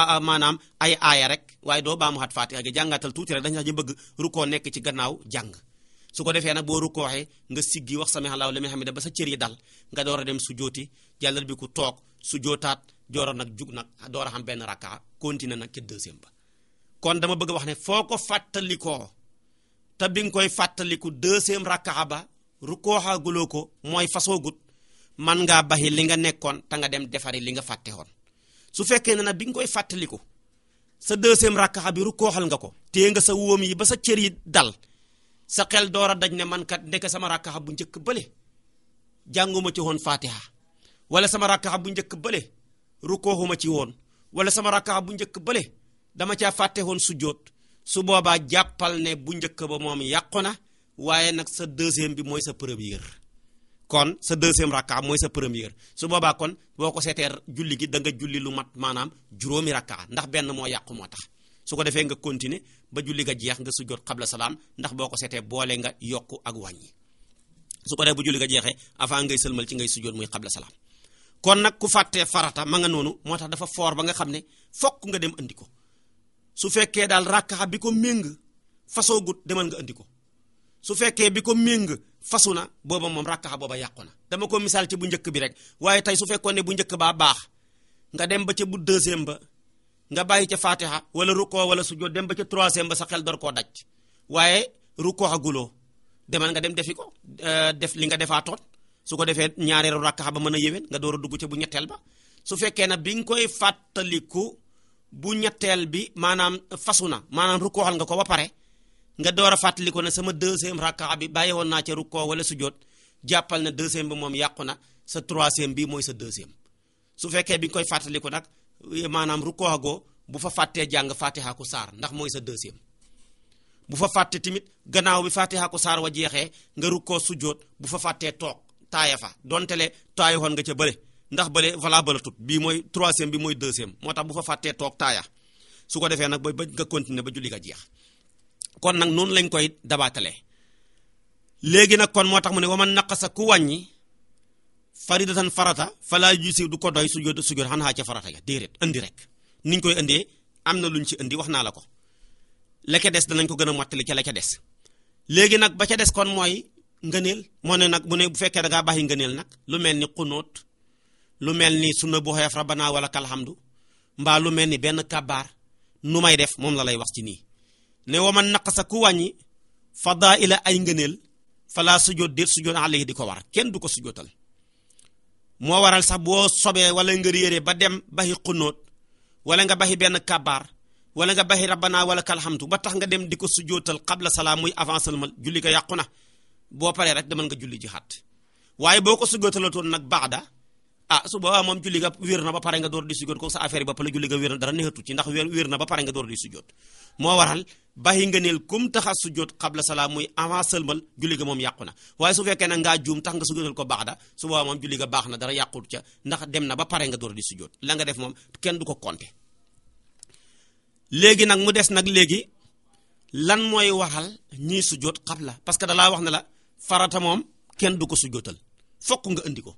a maanaam ay aaya rek waaye doo baa mu xat fatiha gi jàngaatal tuuti rek dañ sax ñu bëgg rukkoo nekk ci gannaaw jàng su ko defee nag boo rukkooxee nga siggi wax sa sami allahu liman hamida ba sa cër yi dal nga door a dem su jooti jàllal bi ku toog su jootaat jooro nag jug nag door xam benn rakka continuer nag ca deuxième ba kon dama bëgg a wax ne foo ko fàttalikoo te bi nga koy fàttaliku deuxième rakka ba ko mooy fasoogut man ngaa baxi li nga nekkoon te nga dem defari li nga fàtte woon su fekkee ne nag bi nga koy fàttaliku sa deuxième rakkaxa bi rukkooxal nga ko té nga sa wóom yi ba sa cër yi dal sa xel door a daj ne man kat ndeke sama rakkaxa bu njëkk bële jànguma ci woon fatiha wala sama rakkaxa bu njëkk bële rukkooxuma ci woon wala sama rakkaxa bu njëkk bële dama caa fàtte su sujjóot su boobaa jàppal ne bu njëkk ba moom yàqu na waaye nag sa deuxième bi mooy sa première kon sa deuxième rakka mooy sa première su boobaa kon boo ko seetee julli gi da nga julli lu mat maanaam juróomi rakka ndax benn moo yàqu moo tax su ko defee nga continuer ba julli ga jeex nga sujjóot xabla salaan ndax boo ko seetee boole nga yokku ak wàññi su ko defee bu julli ga jeexee avant ngay sëlmal ci ngay sujjóot muy xabla salaam kon nag ku fàttee farata ma nga noonu moo tax dafa foor ba nga xam ne fokk nga dem andi ko su fekkee daal rakka bi ko méng fasoogut demal nga andi ko su fekkee bi méng fasu na booba moom rakkaxa booba yàqu na dama ko misaal ci bu njëkk bi rek waaye tey su fekkoon bu njëkk baa baax nga dem ba ca bu deuxième ba nga bàyyi ca fatiha wala rukkoo wala sujjóot dem ba ca troisième ba sa xel door koo daj waaye rukkoo demal nga dem defi ko euh, def li nga defaatoon su ko defee ñaareelu rakkaxa ba mën a yéwén nga door a dugg ca bu ñetteel ba su fekkee na bi nga koy fàttaliku bu ñetteel bi maanaam fasu na maanaam rukkooxal nga ko ba pare nga door a fàttali ko ne sama deuxième rakka bi bàyyi woon naa ca rukkoo wala sujjóot jàppal na deuxième bi moom yàqu na sa troisième bi mooy sa deuxième su fekkee bi nga koy fàttaliku nag eh, maanaam rukkoo goo bu fa fàttee jàng fatiha saar ndax sa deuxième bu fa fàtte tamit gannaaw bi fatiha ku saar wa jeexee nga rukkoo sujjóot bu fa fàttee toog taaya fa donte le taayu woon nga ca bële ndax bële valable tut bii mooy troisième bi mooy deuxième moo tax bu fa fàttee toog taaya su ko defee nag ba nga continuer ba julli nga jeex kon nag noonu lañ koy dabaatale léegi nag kon moo tax mu ne waman naqasa ku wàññi faridatan farata falaa yusi du ko doy sujud sujud xanaa ca farata ga déedéet indi rek niñ koy indee am na lu ñu ci indi wax naa la ko la des danañ ko gën a mottali ca la ca des léegi nag ba ca des kon mooy ngëneel moo ne nag mu ne bu fekkee da ngaa bàyyi ngëneel nag lu mel ni xunóot lu mel ni sunna bu xeef rabbana wala kalhamdu mbaa lu mel ni benn kabaar nu may def moom la lay wax ci nii ne wa man naqasa ku wàññi fadaa ay ngëneel falaa sujjóot déet sujjóot alayhi di ko war kenn du ko sujjóotal moo waral sax boo sobee wala nga réere ba dem baxi xunóot walla nga baxi benn kabaar wala nga baxi rabbana wala kalhamtu ba tax nga dem di ko sujjóotal xabla salaam muy avancé mal julli ko yàqu na boo paree rek demal nga julli jihaat waaye boo ko sujjóotalatoon nag baada ah su boobaa moom julli ga ba pare nga door di sujjóot ko sa affaire ba pare julli ga wér na dara neexatu ci ndax wér wér na ba pare nga door di sujjóot moo waral bàyyi nga neel kum tax a sujjóot xabla salaam muy avant sëlmal julli ga moom yàqu na waaye su fekkee nag ngaa juum tax nga sujjóotal ko baax da su boobaa moom julli ga baax na dara yàqut ca ndax dem na ba pare nga door di sujjóot la nga def moom kenn du ko compter léegi nag mu des nag léegi lan mooy waral ñiy sujjóot xabla parce que dalaa wax na la farata moom kenn du ko sujjóotal fokk nga indi ko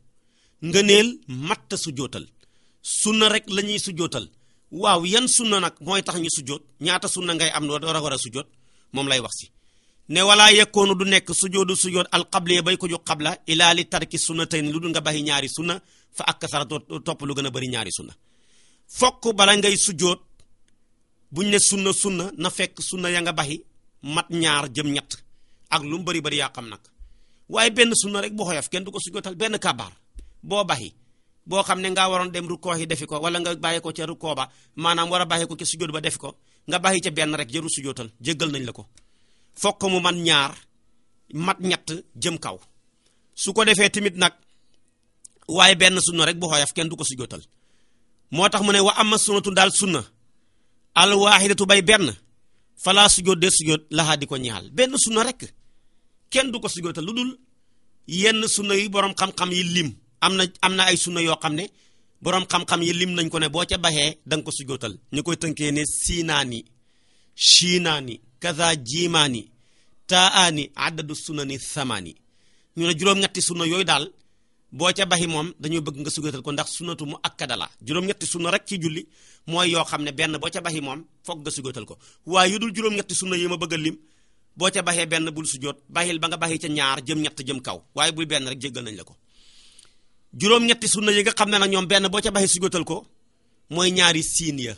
ngëneel matt su jootal sunna rek la ñuy su waaw yan sunna nag mooy tax ñu su joot ñaata sunna ngay am war a war a su joot moom lay wax si ne walaa yekkoonu du nekk sujoodu sujood al xable bay ko ju xabla ilaa li tarki sunna tey ni lu dul nga baxi ñaari sunna fa ak sara topp lu gën a bari ñaari sunna fokk bala ngay sujood buñ ne sunna sunna na fekk sunna yaa nga baxi mat ñaar jëm ñett ak lu mu bari bëri yaa xam nag waaye benn sunna rek bu xoyof kenn du ko sujootal benn kabaar boo baxi boo xam ne ngaa waroon dem rukkoo yi defi ko wala nga bàyyi ko ca rukkoo ba maanaam war a bàyyi ko ca sujjóot ba defi ko nga bàyyi ca benn rek jëru sujjóotal jéggal nañ la ko fokk mu man ñaar mat ñett jëm kaw su ko defee tamit nag waaye benn sunna rek bu xooyaf kenn du ko sujjóotal moo tax mu ne wa amma sunnatu daal sunna al bay benn falaa sujjóot de sujjóot laxaa di ko ñaal benn sunna rek kenn du ko sujjóotal lu dul yenn sunna yi boroom xam yi lim am na am na ay sunna yoo xam ne boroom xam-xam yi lim nañ ko ne boo ca baxee danga nga ko sujootal ñu koy tënkee ne siinaani shiinaani kaza jiimaani taani addadu sunani samaani ñu ne juróom-ñetti sunna yooyu daal boo ca baxi moom dañoo bëgg nga sujootal ko ndax sunnatu mu akkada la juróom-ñetti sunna rek ci julli mooy yoo xam ne benn boo ca baxi moom foog nga sujootal ko waaye yu dul juróom-ñetti sunna yi ma bëgg a lim boo ca baxee benn bul sujoot baxil ba nga baxi ca ñaar jëm ñett jëm kaw waaye bul benn rek jéggal nañ la ko juróom-ñetti sunna yi nga xam ne nag ñoom benn boo ca baxee sujootal ko mooy ñaari siin ya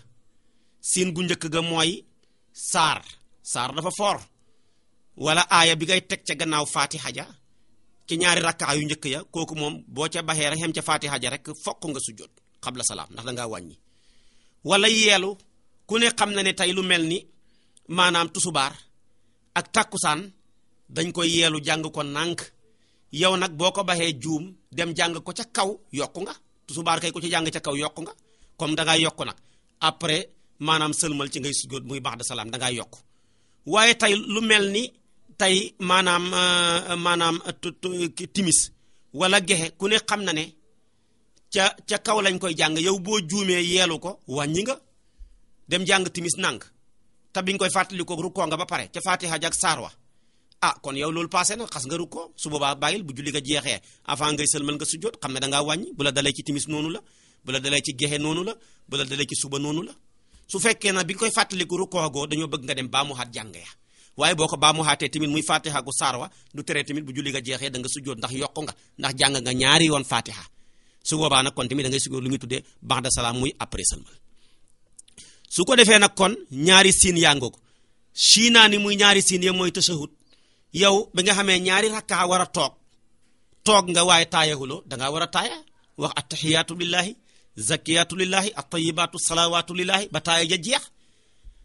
siin gu njëkk ga mooy saar saar dafa foor wala aaya bi ngay teg ca gannaaw faati ja ci ñaari rakkaa yu njëkk ya kooku moom boo ca baxee rek xem ca faatiha ja rek fokk nga sujoot xabla salaam ndax da ngaa wàññi walla yeelu ku ne xam na ne tey lu mel ni maanaam tusubaar ak takkusaan dañ koy yeelu jàng ko nànk yow nag boo ko baxee juum dem jàng ko ca kaw yokku nga tusubaar kay ko ci jàng ca kaw yokku nga kom dangaa yokku nag après maanaam sëlmal ci ngay sujjóot muy baax de salaam dangaa yokku waaye tey lu mel ni tey maanaam euh, maanaam euh, timis wala gexe ku ne xam na ne ca ca kaw lañ koy jàng yow boo juumee yeelu ko wàññi nga dem jàng timis nàng te biñ koy fàttali ko rukkoo nga ba pare ca faatiha ak saar wa ah kon yow loolu passé na xas nga rukkoo su boobaa bàyyil bu julli nga jeexee avant ngay sëlmal nga sujjóot xam ne dangaa wàññi bu la dalee ci timis noonu la bu la dalee ci suba noonu la su fekkee na bi nga koy fàttaliku rukkoo goo dañoo bëgg nga dem baa mu xaat jàng ya waaye boo ko baa mu xaatee tamit muy fatiha gu saarwa du tere tamit bu julli nga jeexee da nga sujjóot ndax yokku nga ndax jàng nga ñaari yoon fatiha su boobaa nag kon tamit da ngay sujjóot lu ñuy tuddee ba'da salaam muy après sëlmal su ko defee nag kon ñaari siin yaa ngoogu siinaa ni muy ñaari siin ya mooy tashahud yow ba nga xamee ñaari rakkaa war a toog toog nga waaye taayahuloo dangaa war a taaya wax attaxiyaatu lillahi zakiyaatu lillahi attayibaatu salawaatu lillahi ba taaya ja jeex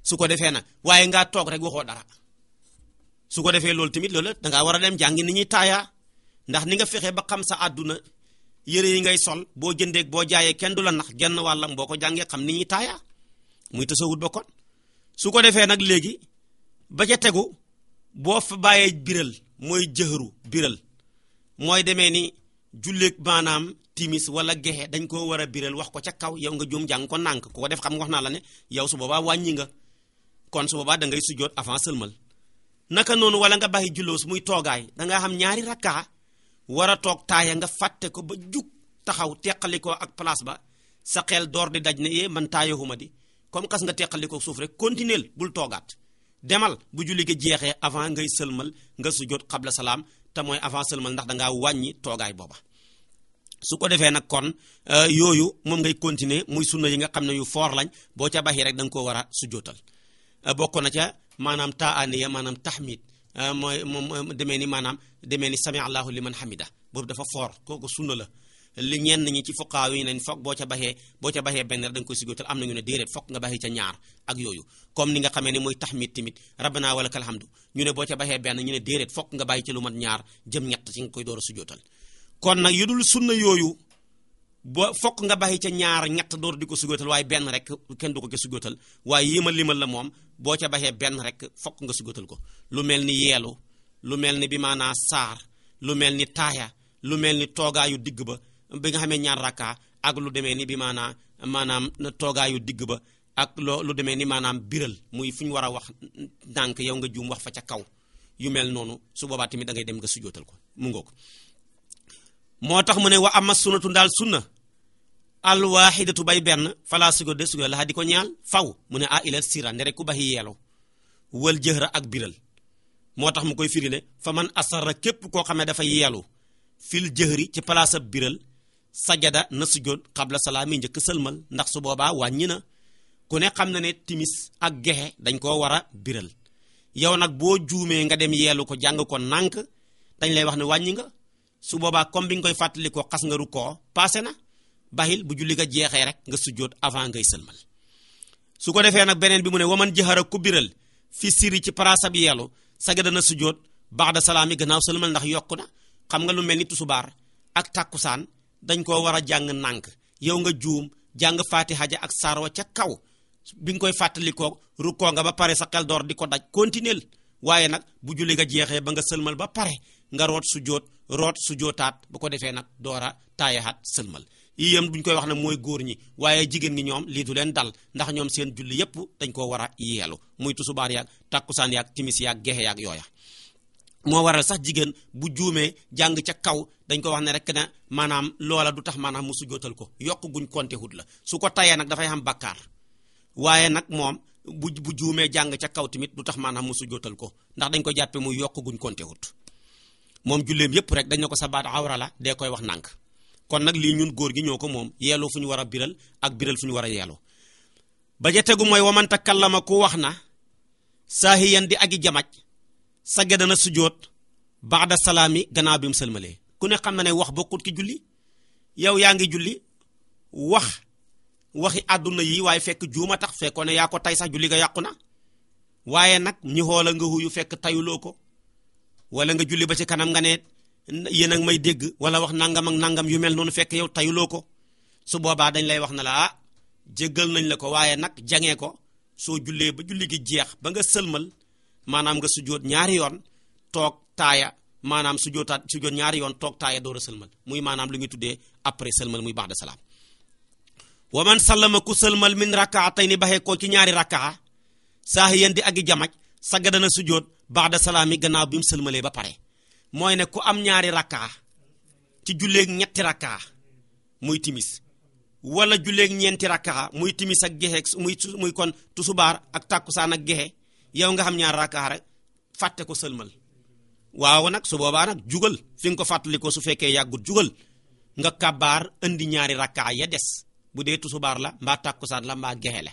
su ko defee nag waaye ngaa toog rek waxoo dara su ko defee loolu tamit loolu dangaa war a dem jàngi ni ñuy taaya ndax ni nga fexe ba xam sa àdduna yére yi ngay sol boo jëndee boo jaayee kenn du la nax genn wàllam boo ko jàngee xam ni ñuy taaya muy tasawut ba kon su ko defee nag léegi ba ca tegu boo fa bàyyee biral mooy jëxëru biral mooy demee ni julleeg maanaam timis wala gexe dañ koo war a biral wax ko ca kaw yow nga juum jàng ko nànk ko ko def xam wax naa la ne yow suba baa wàññi nga kon su boobaa da ngay sujjoot avant sëlmal naka noonu wala nga bàyyi julloos muy toogaay danga xam ñaari rakkaa war a toog taaya nga fàtte ko ba jug taxaw teqali ko ak place ba sa xel door di daj ne yee eh, man taayahuma di comme xas nga teqali ko suuf rek continuer bul toogaat demal bu julli gi jeexee avant ngay sëlmal nga sujjóot xabla salaam te mooy avant sëlmal ndax dangaa wàññi toogaay booba su ko defee nag kon euh, yooyu moom ngay continuer muy sunna yi nga xam ne yu foor lañ boo ca baxi rek da nga koo war a sujjóotal euh, bokk na ca maanaam taaniya maanaam tahmid euh, mooy moom demee ni maanaam demee ni sami allahu liman hamida boobu dafa foor kooku sunna la li ñenn ñi ci fuqaaw yi nañ foog boo ca baxee boo ca baxee benn rek da nga koy sujootal am nañu ne déedéet foog nga baxee ca ñaar ak yooyu comme ni nga xamee ne mooy tahmid tamit rabbana wa lakal hamdu ñu ne boo ca baxee benn ñu ne déedéet foog nga bàyyi ci lu mat ñaar ñett ci nga koy door a sujootal kon nag yu dul sunna yooyu ba fokk nga baxi ca ñaar ñett door di ko sujootal waaye benn rek kenn du ko ke sujootal waaye yimal limal la moom boo ca baxee benn rek fokk nga sujootal ko lu mel ni yeelu lu mel ni bi maanaa saar lu mel ni taaya lu mel ni toogaayu digg ba bi nga xamee ñaan rakka ak lu demee ni bi maanaam na toogaayu digg ba ak loo lu demee ni maanaam biral muy fu ñu war a wax ndànk yow nga juum wax fa ca kaw yu mel noonu su boobaa tamit da dem nga sujootal ko mu ngoo moo tax mu ne wa ama sunnatu daal sunna al wahidatu bay benn fala sugo de sugo laxa di ko ñaal faw mu ne a ilal sira nde ku baxi yeelo wël jëhra ak biral moo tax mu koy firi fa man asarra képp koo xam ne dafa yeelu fil jëhri ci place ab biral sajada na sujjoot xabla salaami njëkk sëlmal ndax su boobaa wàññi na ku ne xam na ne timis ak gexe dañ koo war a biral yow nag boo juumee nga dem yelu ko jàng ko nànk dañ lay wax ne wàññi nga su boobaa comme bi nga koy fàttali ko xas nga ru koo na baxil bu julli nga jeexee rek nga sujjoot avant ngay sëlmal su ko defee nag beneen bi mu ne man jëxara ku biral fi siri ci parasab yeelu sajada na sujjoot ba'da salaami gannaaw sëlmal ndax yokku na xam nga lu mel ni tusubaar ak tàkkusaan dañ koo war a jàng nànk yow nga juum jàng faatiha ja ak saar wa ca kaw bi nga koy fàttalikoo rukkoo nga ba pare sa xel door di ko daj continuel waaye nag bu julli nga jeexee ba nga sëlmal ba pare nga root su joot root su jootaat bu ko defee nag doora taayaxaat sëlmal yii yëm duñ koy wax ne mooy góor ñi waaye jigéen ñi ñoom lii du leen dal ndax ñoom seen julli yépp dañ koo war a yeelu muy tusubaar yaag tàkkusaan yaag timis yaag gexe yaag yooya moo waral sax jigéen bu juumee jàng ca kaw dañ ko wax ne rek ne maanaam loola du tax maanaam mu sujootal ko yokk guñ konte hut la su ko tayee nag dafay am bakkaar waaye nag moom bu bu juumee jàng ca kaw tamit du tax maanaam mu sujootal ko ndax dañ ko jàppee mu yokk guñ konte hut moom julleem yépp rek dañ ne ko sa baat a la dee koy wax nànk kon nag lii ñun góor gi ñëw ko moom yeelu fu ñu war a biral ak biral fu ñu war a yeelu ba ja tegu mooy waman takallama ku wax na saahiyan di agi jamaj sagge dana sujjóot baada salaami gannaaw bi mu sëlmalee ku ne xam na ne wax bokkut ki julli yow yaa ngi julli wax waxi àdduna yi waaye fekk juuma tax fekkoon ne yaa ko tay sax julli nga yàqu na waaye nag ñi xoola nga huyu fekk tayuloo ko wala nga julli ba ci kanam nga ne yéen ak may dégg wala wax nangam nangam yu mel noonu fekk yow tayuloo ko su boobaa dañ lay wax na la ah jéggal nañ la ko waaye nag jangee ko soo jullee ba julli gi jeex ba nga sëlmal maanaam nga sujjóot ñaari yoon toog taaya maanaam sujjóotaat sujjóot ñaari yoon toog taaya door a sëlmal muy maanaam lu ñuy tuddee après sëlmal muy ba'da salaam wa man sallama ku sëlmal min ni baxee koo ci ñaari rakaa saahiyan di agi jamaj sagadana sujjóot ba'da salaam yi gannaaw bi mu sëlmalee ba pare mooy ne ku am ñaari rakaa ci julleeg ñetti rakaa muy timis wala julleeg ñeenti rakaa muy timis ak gexe muy muy kon tusubaar ak tàkkusaan ak gexe yow nga xam ñaar rakkaa rek fàtte ko sëlmal waaw nag su boobaa nag jugal fi nga ko fàttali ko su fekkee yàggut jugal nga kabaar indi ñaari rakkaa ya des bu dee tusubaar la mbaa tàkkusaan la mbaa gexe la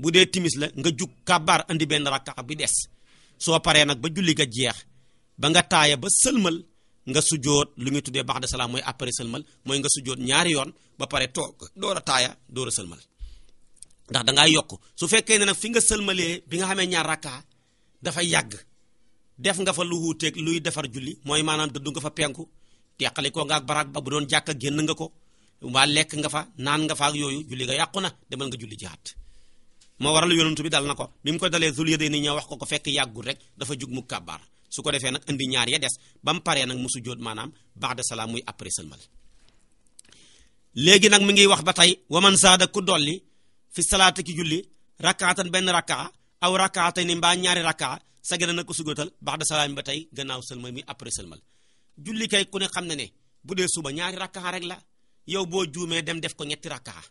bu dee timis la nga jug kabaar indi benn rakkaa bi des soo paree nag ba julli ga jeex ba nga taaya ba sëlmal nga sujjoot lu ñu tuddee bax ba'da salaam mooy après sëlmal mooy nga sujjoot ñaari yoon ba pare toog door a taaya door a sëlmal ndax dangaa yokk su fekkee ne nag fi nga sëlmalee bi nga xamee ñaar rakka dafa yàgg def nga fa lu wuuteeg luy defar julli mooy maanaam dëddu nga fa penku teqali ko nga ak baraag ba bu doon jàkka génn nga ko ba lekk nga fa naan nga fa yooyu julli nga yàqu na demal nga julli jaat moo waral yonentu bi dal na ko bi mu ko dalee zul yëday ni ña wax ko ko fekk yàggul rek jug mu kàbbaar su ko defee nag indi ñaar ya des ba paree nag mu sujjóot maanaam baax de salaam muy après sëlmal léegi nag mi ngi wax ba tey waman fi salaata ki julli rakkaatan benn rakkaa aw rakkaatay ni mbaa ñaari rakkaa sagana na ko sugootal ba'da salaam ba tey gannaaw sëlmal mi après sëlmal julli kay ku ne xam na ne bu dee suba ñaari rakkaa rek la yow boo juumee dem def ko ñetti rakkaa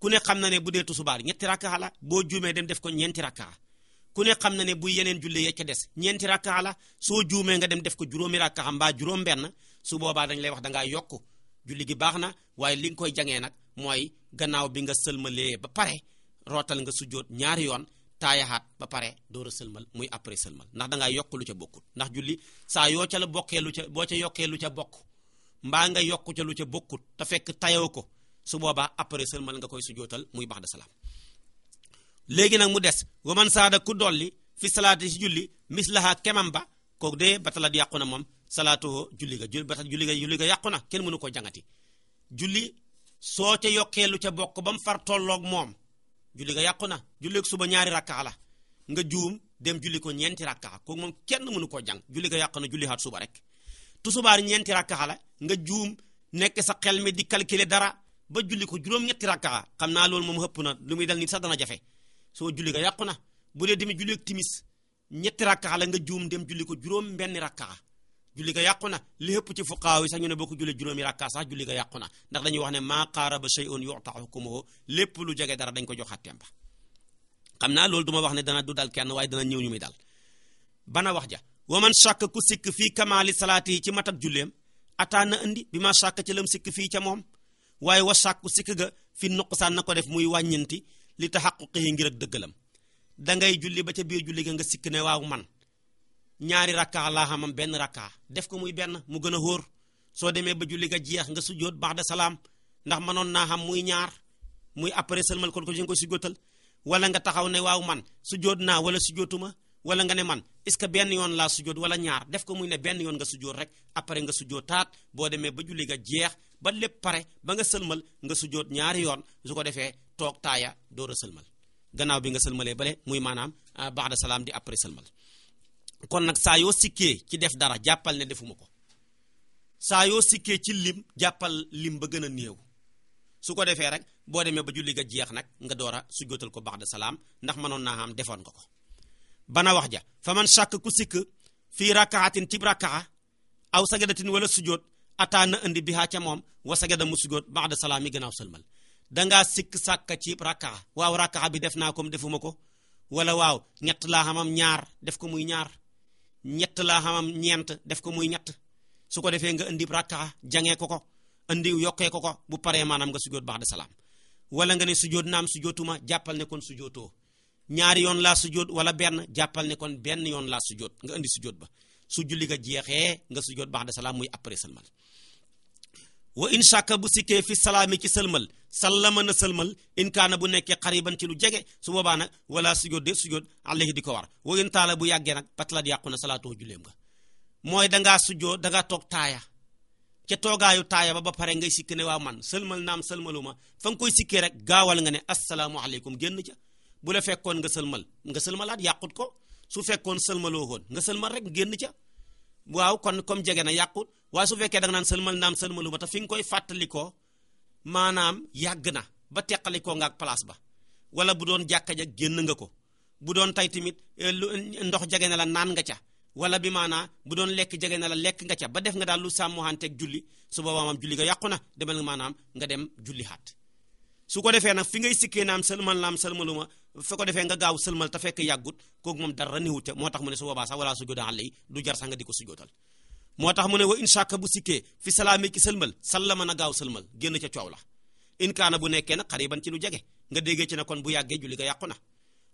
ku ne xam na ne bu dee tusubaar ñetti rakkaa la boo juumee dem def ko ñeenti rakkaa ku ne xam na ne buy yeneen julli ya ca des ñeenti rakkaa la soo juumee nga dem def ko juróomi rakkaa mbaa juróom benn su boobaa dañ lay wax dangaa yokk julli gi baax na waaye li nga koy jangee nag mooy gannaaw bi nga sëlmalee ba pare rootal nga sujjóot ñaari yoon taayaxaat ba pare door a sëlmal muy après sëlmal ndax da ngaa yokk lu ca bokkut ndax julli saa yoo ca la bokkee lu ca boo ca yokkee ca bokk mbaa nga yokku ca lu ca bokkut te fekk tayoo ko su boobaa après sëlmal nga koy sujjóotal muy baax da salaam léegi nag mu des waman saada ku dolli fi salaati si julli mislaha kemam ba kooku dee batala di yàqu na moom salaatoo julli ga julli ba tax julli ga na kenn mënu ko jàngati julli soo ca yokkee lu ca bokk ba mu far tollook moom julli ko yàqu na julleeg suba ñaari rakkaa nga juum dem julli ko ñeenti rakkaa kooku moom kenn mënu koo jàng julli ga yàqu na julli xaat suba rek tusubaar ñeenti rakkaa nga juum nekk sa xel mi di calculer dara ba julli ko juróom-ñetti rakkaa naa loolu moom xëpp na lu muy dal nit sax dana jafe soo julli ga yàqu na bu dee demee julleeg timis ñetti rakkaa nga juum dem julli ko juróom benn rakkaa julli ga yàqu na li ëpp ci fuqaaw yi sax ñu ne boo ko jullee juróomi rakkaa sax julli ga yàqu na ndax dañuy wax ne maa qaaraba shay'un yu'ta hukmuhu lépp lu jege dara dañ ko jox àtteem ba xam naa loolu duma wax ne dana du dal kenn waaye dana ñëw ñu muy dal bana wax ja wa man shakka ku sikk fii kamaali salaati ci mat ak julleem ataa na andi bi ma shakka ci lam sikk fii ca moom waaye wa shakku sikk ga fi nuqsaan na ko def muy wàññanti li taxaquqi ngir ak dëggalam da ngay julli ba ca biir julli ga nga sikk ne waaw man ñaari rakka laa xamam benn rakkaa def ko muy benn mu gën a wóor soo demee ba julli ga jeex nga sujjóot baax de salaam ndax mënoon naa xam muy ñaar muy après sëlmal kon ko jën ko sujjóotal wala nga taxaw ne waaw man sujjóot naa wala sujjóotuma wala nga ne man est-ce que benn yoon laa sujjóot wala ñaar def ko muy ne benn yoon nga sujjóot rek après nga sujjóotaat boo demee ba julli ga jeex ba lépp pare ba nga sëlmal nga sujjóot ñaari yoon su ko defee toog taaya door a sëlmal gannaaw bi nga sëlmalee bale muy maanaam ah, baax de salaam di après sëlmal kon nag saa yoo sikkee ci def dara jàppal ne defuma ko saa yoo sikkee ci lim jàppal lim ba gën a néew su ko defee rek boo demee ba julli ga jeex nag nga door a sujjóotal ko baax de salaam ndax mënoon naa am defoon nga ko bana wax ja fa man sàkk ku sikk fii rakaatin cib rakaa aw sagadatin wala sujjóot ataa na indi bihaa ca moom wa sagada mu sujjóot baax de salaam yi gannaaw sëlmal dangaa sikk sàkk cib rakaa waaw rakaa bi def naa ko defuma ko wala waaw ñett laa xamam ñaar def ko muy ñaar ñett laa xamam ñeent def ko muy ñett su ko defee nga indi rakka jangee ko ko indi yokkee ko ko bu paree maanaam nga sujjoot ba'da salaam wala nga ne sujjoot naam sujjootuma jàppal ne kon sujjootoo ñaari yoon laa sujjoot wala benn jàppal ne kon benn yoon laa sujjoot nga indi sujjoot ba su julli nga jeexee nga sujjoot ba'da salaam muy après salmal wa in shakka bu sikkee fi salaami ci sëlmal sallama na sëlmal in kaana bu nekkee xariban ci lu jege su boobaa nag wala sujjóot de sujjóot alayhi di ko war wa in taala bu yàggee nag patlat yàqu na salaatoo julleem nga mooy dangaa sujjóot dangaa toog taaya ca toogaayu taaya ba ba pare ngay sikk ne waaw man sëlmal naam sëlmaluma fa nga koy sikkee rek gaawal nga ne asalaamualeykum génn ca bu la fekkoon nga sëlmal nga sëlmalaat yàqut ko su fekkoon sëlmaloo woon nga sëlmal rek génn ca waaw kon comme jege na yàqut waaye su fekkee da naan sëlmal naam sëlmalu ma te fi nga koy fàttalikoo maanaam yàgg na ba teqalikoo nga ak ba wala bu doon jàkka ja génn nga ko bu doon tey tamit eh, eh, ndox jege na la naan nga ca wala bi maanaa bu doon lekk jege na la lekk nga ca ba def nga daal lu sàmmohanteeg julli su boobaa maam julli nga yàqu na demal nga maanaam nga dem julli xaat su ko defee nag fi ngay sikkee naam sëlmal naam sëlmalu ma fe ko defee nga gaaw sëlmal te fekk yàggut kooku moom dara niwute moo tax mu ne su boobaa sax wala sujooda àlla yi du jar sax nga di ko sujootal moo tax mu ne wa inshaka bu sikkee fi salaamee ki sëlmal sallama na gaaw sëlmal génn ca coow la inkaana bu nekkee nag xariban ci lu jege nga déggee ci ne kon bu yàggee julli ga yàqu na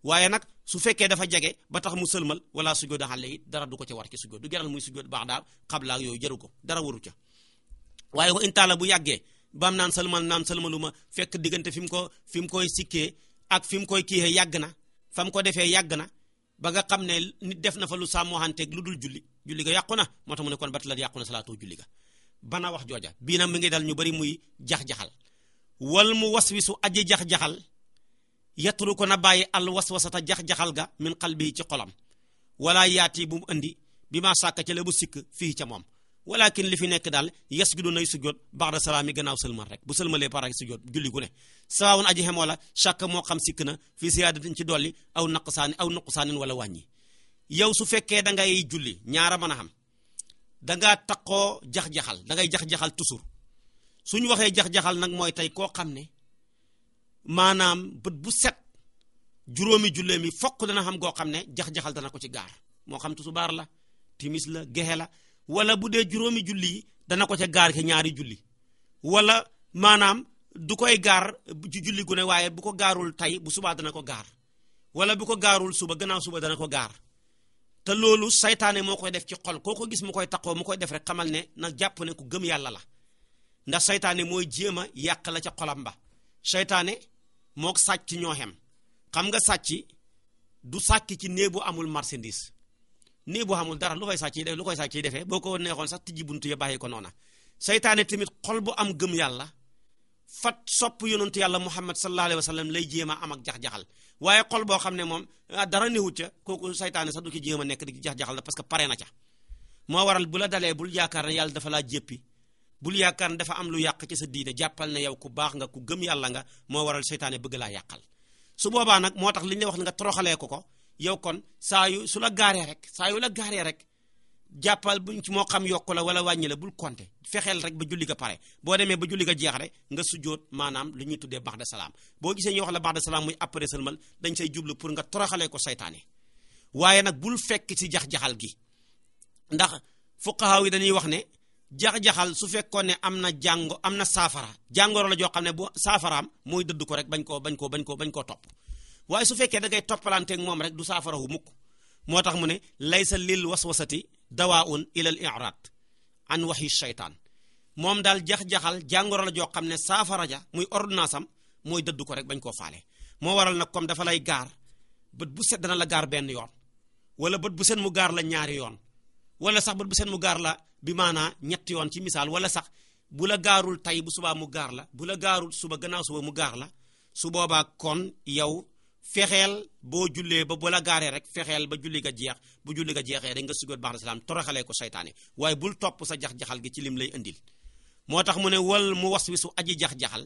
waaye nag su fekkee dafa jege ba tax mu sëlmal wala sujjóot xale yi dara du ko ca war ci sujjóot du geral muy sujjóot baax daal xablaak yooyu jaru ko dara waru ca waaye wa intaala bu yàggee bam naan sëlmal naan sëlmaluma fekk diggante fi mu ko fi mu koy sikkee ak fi mu koy kiiwee yàgg na fa ko defee yàgg na ba nga xam ne nit def na fa lu sàmmoxanteeg lu dul julli julli ga yàqu na moo tax mu ne kon batalat yàqu na salaatu julli ga bana wax jooja bii nag mi ngi daal ñu bari muy jax-jaxal wal mu waswisu aji jax-jaxal yatru ko na bàyyi al waswasata jax-jaxal ga min qalbi ci xolam wala yaati bu mu andi bi maa sàkk ca la bu sikk fii ca moom walakin li fi nekk daal yasjudu nay sujjóot ba'da salaami gannaaw sëlmal rek bu sëlmalee pare sujjóot julli gu ne sawaaun aji xemoo la chàkk moo xam sikk na fii siyaadatin ci dolli aw naqsaanin aw nuqsaanin wala wàññi yow su fekkee da ngay julli ñaar mën a xam da ngaa taqoo jax-jaxal da jax-jaxal toujours suñ waxee jax-jaxal nag mooy tey koo xam ne maanaam bët bu set juróomi jullee mi fokk dana xam goo xam ne jax-jaxal dana ko ci gaar moo xam tusubaar la timis la gexe la wala bu dee juróomi julli dana ko ca gaar ke ñaari julli wala maanaam du koy gaar ci julli gu ne waaye bu ko gaarul tey bu subaa dana ko gaar wala bu ko gaarul suba gannaaw suba dana ko gaar te loolu saytaane moo koy def ci xol koo ko gis mu koy taqoo mu koy def rek xamal ne na jàpp ne ku gëm yàlla la ndax saytaane mooy jéem a yàq la ca xolam ba saytaane mook sàcc ñoo xem xam nga sàcc du sàcc ci néeg bu amul marchandise néeg bu amul dara lu koy sàcc yi lu koy sàcc yi defee boo ko neexoon sax tijji buntu ya bàyyi ko noona saytaane tamit xol bu am gëm yàlla fat sopp yonentu yàlla muhammad sallallahu alayhi wa sallam lay jéem a am ak jax-jaxal waaye xol boo xam ne moom ah, dara néewut ca kooku saytaane sa du ci jéem a nekk di jax-jaxal la parce que pare na ca moo waral bu la dalee bul yaakaar ne yàlla dafa laa jéppi bul yaakaar ne dafa am lu yàq ci sa diine jàppal ne yow ku baax nga ku gëm yàlla nga moo waral saytaane bëgg laa yàqal su boobaa nag moo tax li ñu la wax ne nga toroxalee ko ko yow kon saa yu su la gaaree rek saa yu la gaaree rek jàppal buñ ci moo xam yokkula la wala wàññi la bul compter fexeel rek ba julli ga pare boo demee ba julli ga jeex rek nga sujjóot maanaam lu ñuy tuddee ba'da salaam boo gisee ñu wax la ba'da salaam muy après sëlmal dañ say jublu pour nga toroxalee ko saytaane waaye nag bul fekk ci jax-jaxal gi ndax fuqaha yi dañuy wax ne jax su fekkoon ne am na jàngo am na saafara jàngoro la joo xam ne bu saafaraam mooy dëdd ko rek bañ ko bañ koo bañ koo bañ koo topp waaye su fekkee da ngay toppalanteeg moom rek du saafara wu mukk moo tax mu ne lay laysa lil waswasati dawaun ilal i'rad an waxi shaytaan moom daal jax-jaxal jàngoro la joo xam ne saafara ja muy ordonnance am mooy dëdd ko rek bañ koo faale moo waral na comme dafa lay gaar bët bu set dana la gaar benn yoon wala bët bu set mu gaar la ñaari yoon wala sax bët bu set mu gaar la bi maanaa ñetti yoon ci misaal wala sax bu la gaarul tey bu subaa mu gaar la bu la gaarul suba gannaaw suba mu gaar la su boobaa kon yow fexeel boo jullee ba bu la gaaree rek fexeel ba julli ga jeex bu julli ga jeexee rek nga sugoot baax da salaam toroxalee ko seytaane waaye bul topp sa jax-jaxal gi ci lim lay indil moo tax mu ne wal mu waswisu aji jax-jaxal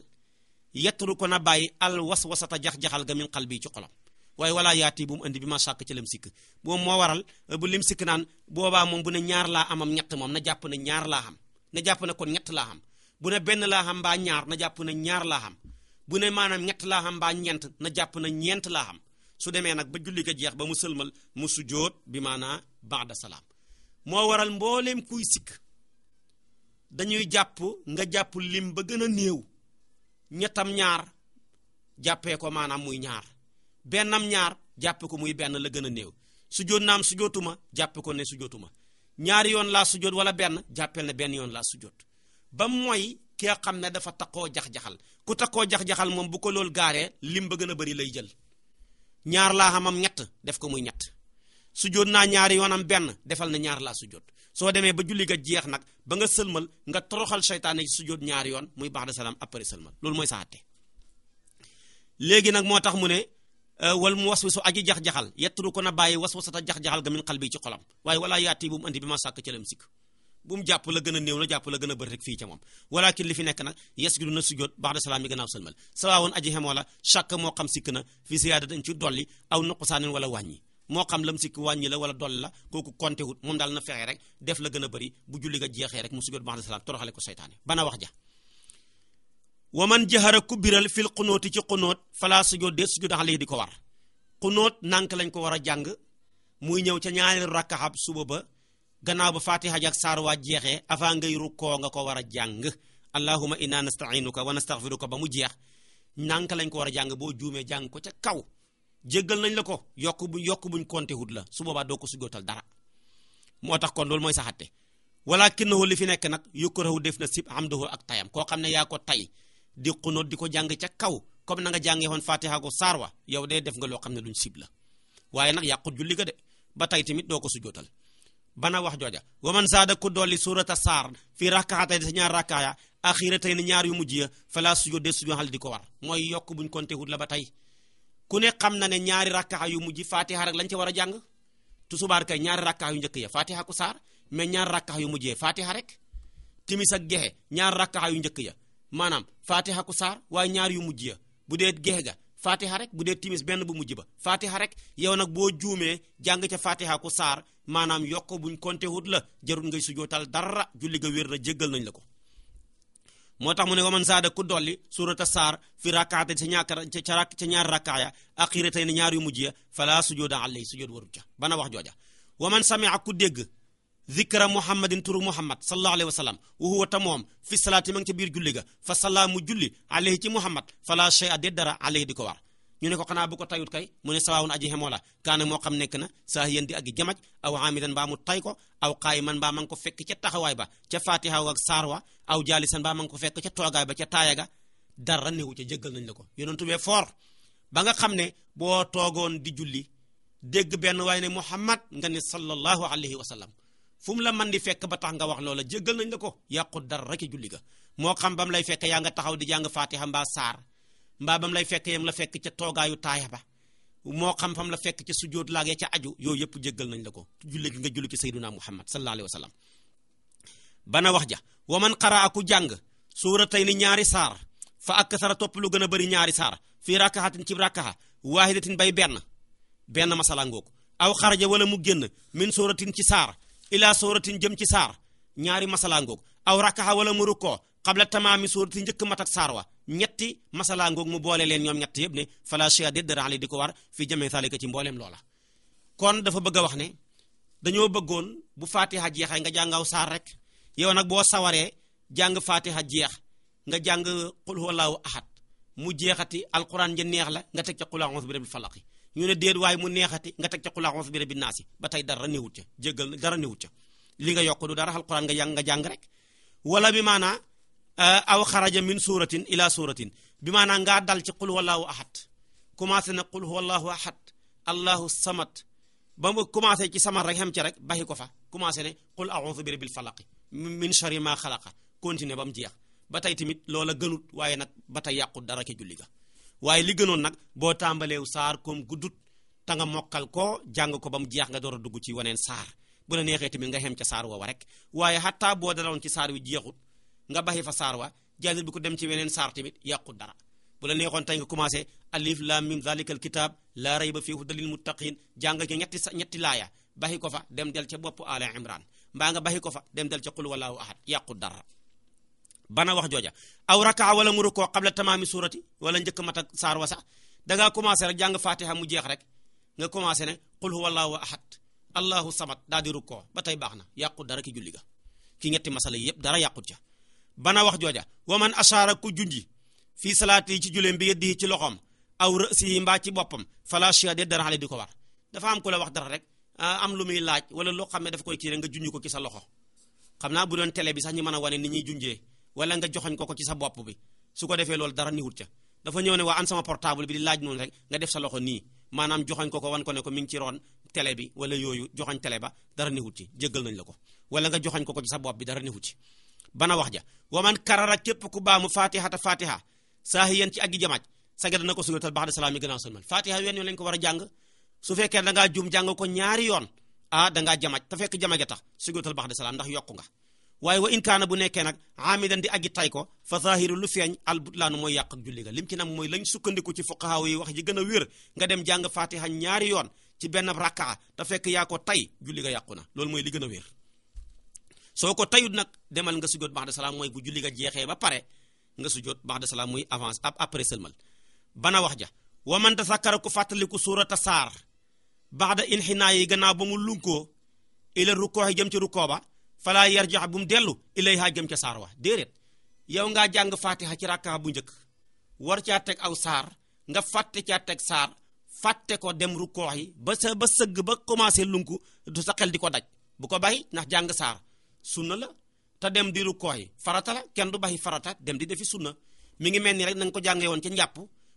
yettru ko na bàyyi al waswasata jax-jaxal ga min qalbi ci xolam waaye walaa yaati bu mu indi bi ma sàkk ci lim sikk moom moo waral eh, bu lim sikk naan boobaa moom bu ne ñaar laa amam ñett moom na jàpp ne ñaar laa xam na jàpp ne kon ñett laa xam bu ne benn laa xam mbaa ñaar na jàpp ne ñaar laa bu ne maanaam ñett laa xam mbaa ñeent na jàpp na ñeent laa xam su demee nag ba julli ko jeex ba mu sëlmal mu sujjóot bi maanaa baada salaam moo waral mbooleem kuy sikk dañuy jàpp nga jàpp lim ba gën a néew ñettam ñaar jàppee ko maanaam muy ñaar bennam ñaar jàppee ko muy benn la gën a néew sujjóot naam sujjóotuma jàpp ko ne sujjóotuma ñaari yoon laa sujjóot wala benn jàppeel na benn yoon laa sujjóot ba mooy ki nga xam ne dafa takkoo jax-jaxal ku takkoo jax-jaxal moom bu ko loolu gaaree lim ba gën a bari lay jël ñaar laa xamam ñett def ko muy ñett sujjóot naa ñaari yoonam benn defal na ñaar laa sujjóot soo demee ba julli ga jeex nag ba nga sëlmal nga toroxal seytaane ci sujjóot ñaari yoon muy baax ba'da salaam après sëlmal loolu mooy sa àtte léegi nag moo tax mu ne euh, wal mu waswisu aji jax-jaxal yeturu ko na bàyyi waswasata jax-jaxal ga min qalbi ci xolam waa walaa yaati bu mu andi bi ma sàkk cëlam sikk bu mu jàpp la gën a néew la jàpp la gën a bëri rek fii ca moom walakin li fi nekk nag yasjudu na sujjóot ba'da salaam yi a sëlmal sawaawoon aji xem wala chàkk moo xam sikk na fi siyaada dañ ci dolli aw nuqsaanin wala wàññi moo xam lam sikk wàññi la wala dolli la kooku compté wut moom daal na fexe rek def la gën a bëri bu julli ga jeexee rek mu sujjóot ba'da salaam toroxale ko seytaane bana wax ja wa man jahara kubiral fil xunooti ci xunóot fala ko war xunóot lañ ko war a jàng muy ñëw ca ñaareelu rakkaxab suba ba gannaaw ba fatiha ji ak saar waa jeexee avant ngay rukkoo nga ko war a jàng allahuma inna nastainuka wa nastaghfiruka ba mu jeex nanka lañ ko war a jàng boo juumee jàng ko ca kaw jéggal nañ la ko yokk bu yokk buñ konté hut la su boobaa doo ko sujootal dara moo tax kon loolu mooy saxatte walakinahu li fi nekk nag yukrahu def na sib hamduhu ak tayam koo xam ne yaa ko tay di xunóot di ko jàng ca kaw comme na nga jàngee woon fatiha ko saar wa yow dee def nga loo xam ne luñ sib la waaye nag yàqut julli ga de ba tay tamit doo ko sujootal bana wax jooja wa man saa saada ku dolli suurata saar fii rakkaatay di sa ñaar rakkaaya axira tey ni ñaar yu mujj ya fala sujjóot de sujjóot xal di ko war mooy yokk buñ konte wut la ba tey ku ne xam na ne ñaari rakkaa yu mujj fatiha rek lañ ca war a jàng tusubaar kay ñaari rakkaa yu njëkk ya fatiha ku saar mais ñaari rakkaa yu mujj ya fatiha rek timis ak gexe ñaari rakkaa yu njëkk ya maanaam fatiha ku saar waaye ñaari yu mujj ya bu dee gexe ga fatiha rek bu dee timis benn bu mujj ba fatiha rek yow nag boo juumee jàng ca fatiha ku saar maanaam yokk buñ konte wut la jarul ngay sujootal dara julli ga wér na jéggal nañ la ko moo tax mu ne waman saada ku dolli surata saar fi rakaate ca ñaar ca ñaar rakaaya axiratay ne ñaar yu mujj ya fala sujooda alay sujood warut ca bana wax jooja waman ak ku dégg zikra muhammadin turu muhammad sallallahu alayhi wa sallam wa huwa ta moom fi salaati ma ca biir julli ga fa salaamu julli alayhi ci muhammad fala shay'a de dara alayhi di ko war ñu ne ko xanaa bu ko tayut kay mu ne sawaawun aji xemoo la kaana moo xam nekk na saa yéen di ak jamaj aw amidan baa mu tay ko aw qaayiman baa ma ngi ko fekk ca taxawaay ba ca fatiha ak saar wa aw jaalisan baa ma ngi ko fekk ca toogaay ba ca taaya ga dara newu ca jëggal nañ la ko yonentu bee foor ba nga xam ne boo toogoon di julli dégg benn waaye ne muhammad nga ne sallallahu alayhi wa sallam fu mu la man di fekk ba tax nga wax loola jëggal nañ la ko yàqu dara rek julli ga moo xam ba lay fekk yaa nga taxaw di jàng faatiha mbaa saar mbaa ba lay fekk yam la fekk ca toogaayu taaya ba moo xam fam la fekk ca sujjóot laag ya ca aju yooyu yëpp jëggal nañ la ko julli gi nga julli ci sayyiduna muhammad sallallahu alayhi wa sallam bana wax ja wa man qaraa ku jàng suuratayni ñaari saar fa akthara topp lu gën a bari ñaari saar fii rakahatin ci rakaha waahidatin bay benn benn masala aw xaraja wala mu génn min suuratin ci saar ilaa sóoratin jëm ci saar ñaari masalaangoog aw rakaxa wala mu rukkoo xabla tamaami sóorati njëkk mat ak saar wa ñetti masalaangoog mu boole leen ñoom ñetti yëpp ne fala shay'a déet dara ali di ko war fii jamee salika ci mbooleem loola kon dafa bëgg a wax ne dañoo bëggoon bu fatiha jeexee nga jàngaw saar rek yow nag boo sawaree jàng fatiha jeex nga jàng qul huwallahu ahad mu jeexati alquran ja neex la nga teg ca qul a'udhu bi rabbil falaq ñu ne déet waaye mu neexati nga teg ca xulaxof bi rabbi naasi ba dara néewut ca jéggal dara néewut ca li nga yokk dara alquran nga jàng nga jàng rek wala bi maanaa aw xaraja min suratin ila suratin bi maanaa ngaa dal ci qul wallahu ahad commencé na qul wallahu ahad allahu samad ba mu commencé ci samad rek xam ci rek baxi ko fa commencé ne qul a bi rabbil falaq min sharri ma xalaqa continué ba mu jeex ba tey tamit loola gënut waaye nag ba tey yàqut dara ke julli ga waaye li gënoon nag boo tàmbaleew saar comme guddut ta nga mokkal ko jàng ko ba mu jeex nga door a dugg ci waneen saar bu la neexee tamit nga xem ca saar woowa rek waaye xataa boo daloon ci saar wi jeexut nga baxi fa saar wa jàngat bi ko dem ci weneen saar tamit yàqut dara bu la neexoon tey nga commencé alif lam mim zalikal kitab la rayba fihi hudal lil muttaqin jàng ca ñetti ñetti laaya baxi ko fa dem del ca bopp ala imran mbaa nga baxi ko fa dem del ca qul wallahu ahad yàqut dara bana wax jooja aw rakaa wala mu rukoo qabla tamaami suurati wala njëkk mat ak saar wa sax dangaa commencé rek jàng fatiha mu jeex rek nga commencé ne qul huwa allahu ahad allahu samad daa di rukkoo ba tey baax na yàqut dara ki julli ga ki ñetti masala yi yëpp dara yàqut ja bana wax jooja wa man ashaara ko junji fii salaati yi ci juleem bi yeddi ci loxoom aw rësi mbaa ci boppam fala shia de dara xale di ko war dafa am ku la wax dara rek ah, am lu muy laaj wala loo xam ne dafa koy kii rek nga junj ko ci sa loxo xam naa bu doon télé bi sax ñu mën a wane ni ñuy junjee wala nga joxoñ ko ko ci sa bopp bi su ko defee loolu dara niwut ca dafa ñëw ne waa an sama portable bi di laaj noonu rek nga def sa loxo nii maanaam joxañ ko ko wan ko ne ko mi ngi ci roon télé bi wala yooyu joxoñ tele ba dara niwut ci jéggal nañ la ko wala nga joxoñ ko ko ci sa bopp bi dara niwut ci bana wax ja waman karara képp ku baamu mu fatiha saahiyan ci aggi jamaaj saga dana ko sunatal baxda salaam yi gënaaw sëlmal fatiha wenn yoon lañ ko war a jàng su fekkee dangaa jum jàng ko ñaari yoon ah dangaa jamaaj te fekk jamaaj a tax sunatal baxda salaam ndax yokku nga waaye wa in kaana bu nekkee nag amidan di aji tay ko fa zahiru lu feeñ al butlaanu mooy yàq ak julli ga lim ci nag mooy lañ sukkandiku ci fuqahaa yi wax ji gën a wér nga dem jàng fatiha ñaari yoon ci benn rakkaa te fekk yaa ko tay julli ga yàqu na loolu mooy li gën a wér soo ko tayut nag demal nga sujjóot ba'da salaam mooy bu julli ga jeexee ba pare nga sujjóot ba'da salaam mooy avance après seulement bana wax ja wa man tasakkara ku fàttaliku suurata saar ba'da inhinaa yi gannaaw ba mu lunkoo ila rukkoo jëm ci ba falaa yarjax bu mu dellu ilayha jëm ca saar wa déedéet yow ngaa jàng fatiha ci rakka bu njëkk war caa teg aw saar nga fàtte caa teg saar fàtte ko dem rukkoox yi ba sa ba sëgg ba commencé lunku du sa xel di ko daj bu ko bay ndax jàng saar sunna la te dem di rukkoox yi farata la kenn du bàyyi farata dem di defi sunna mu ngi mel ni rek na ko jàngee woon ca njàpp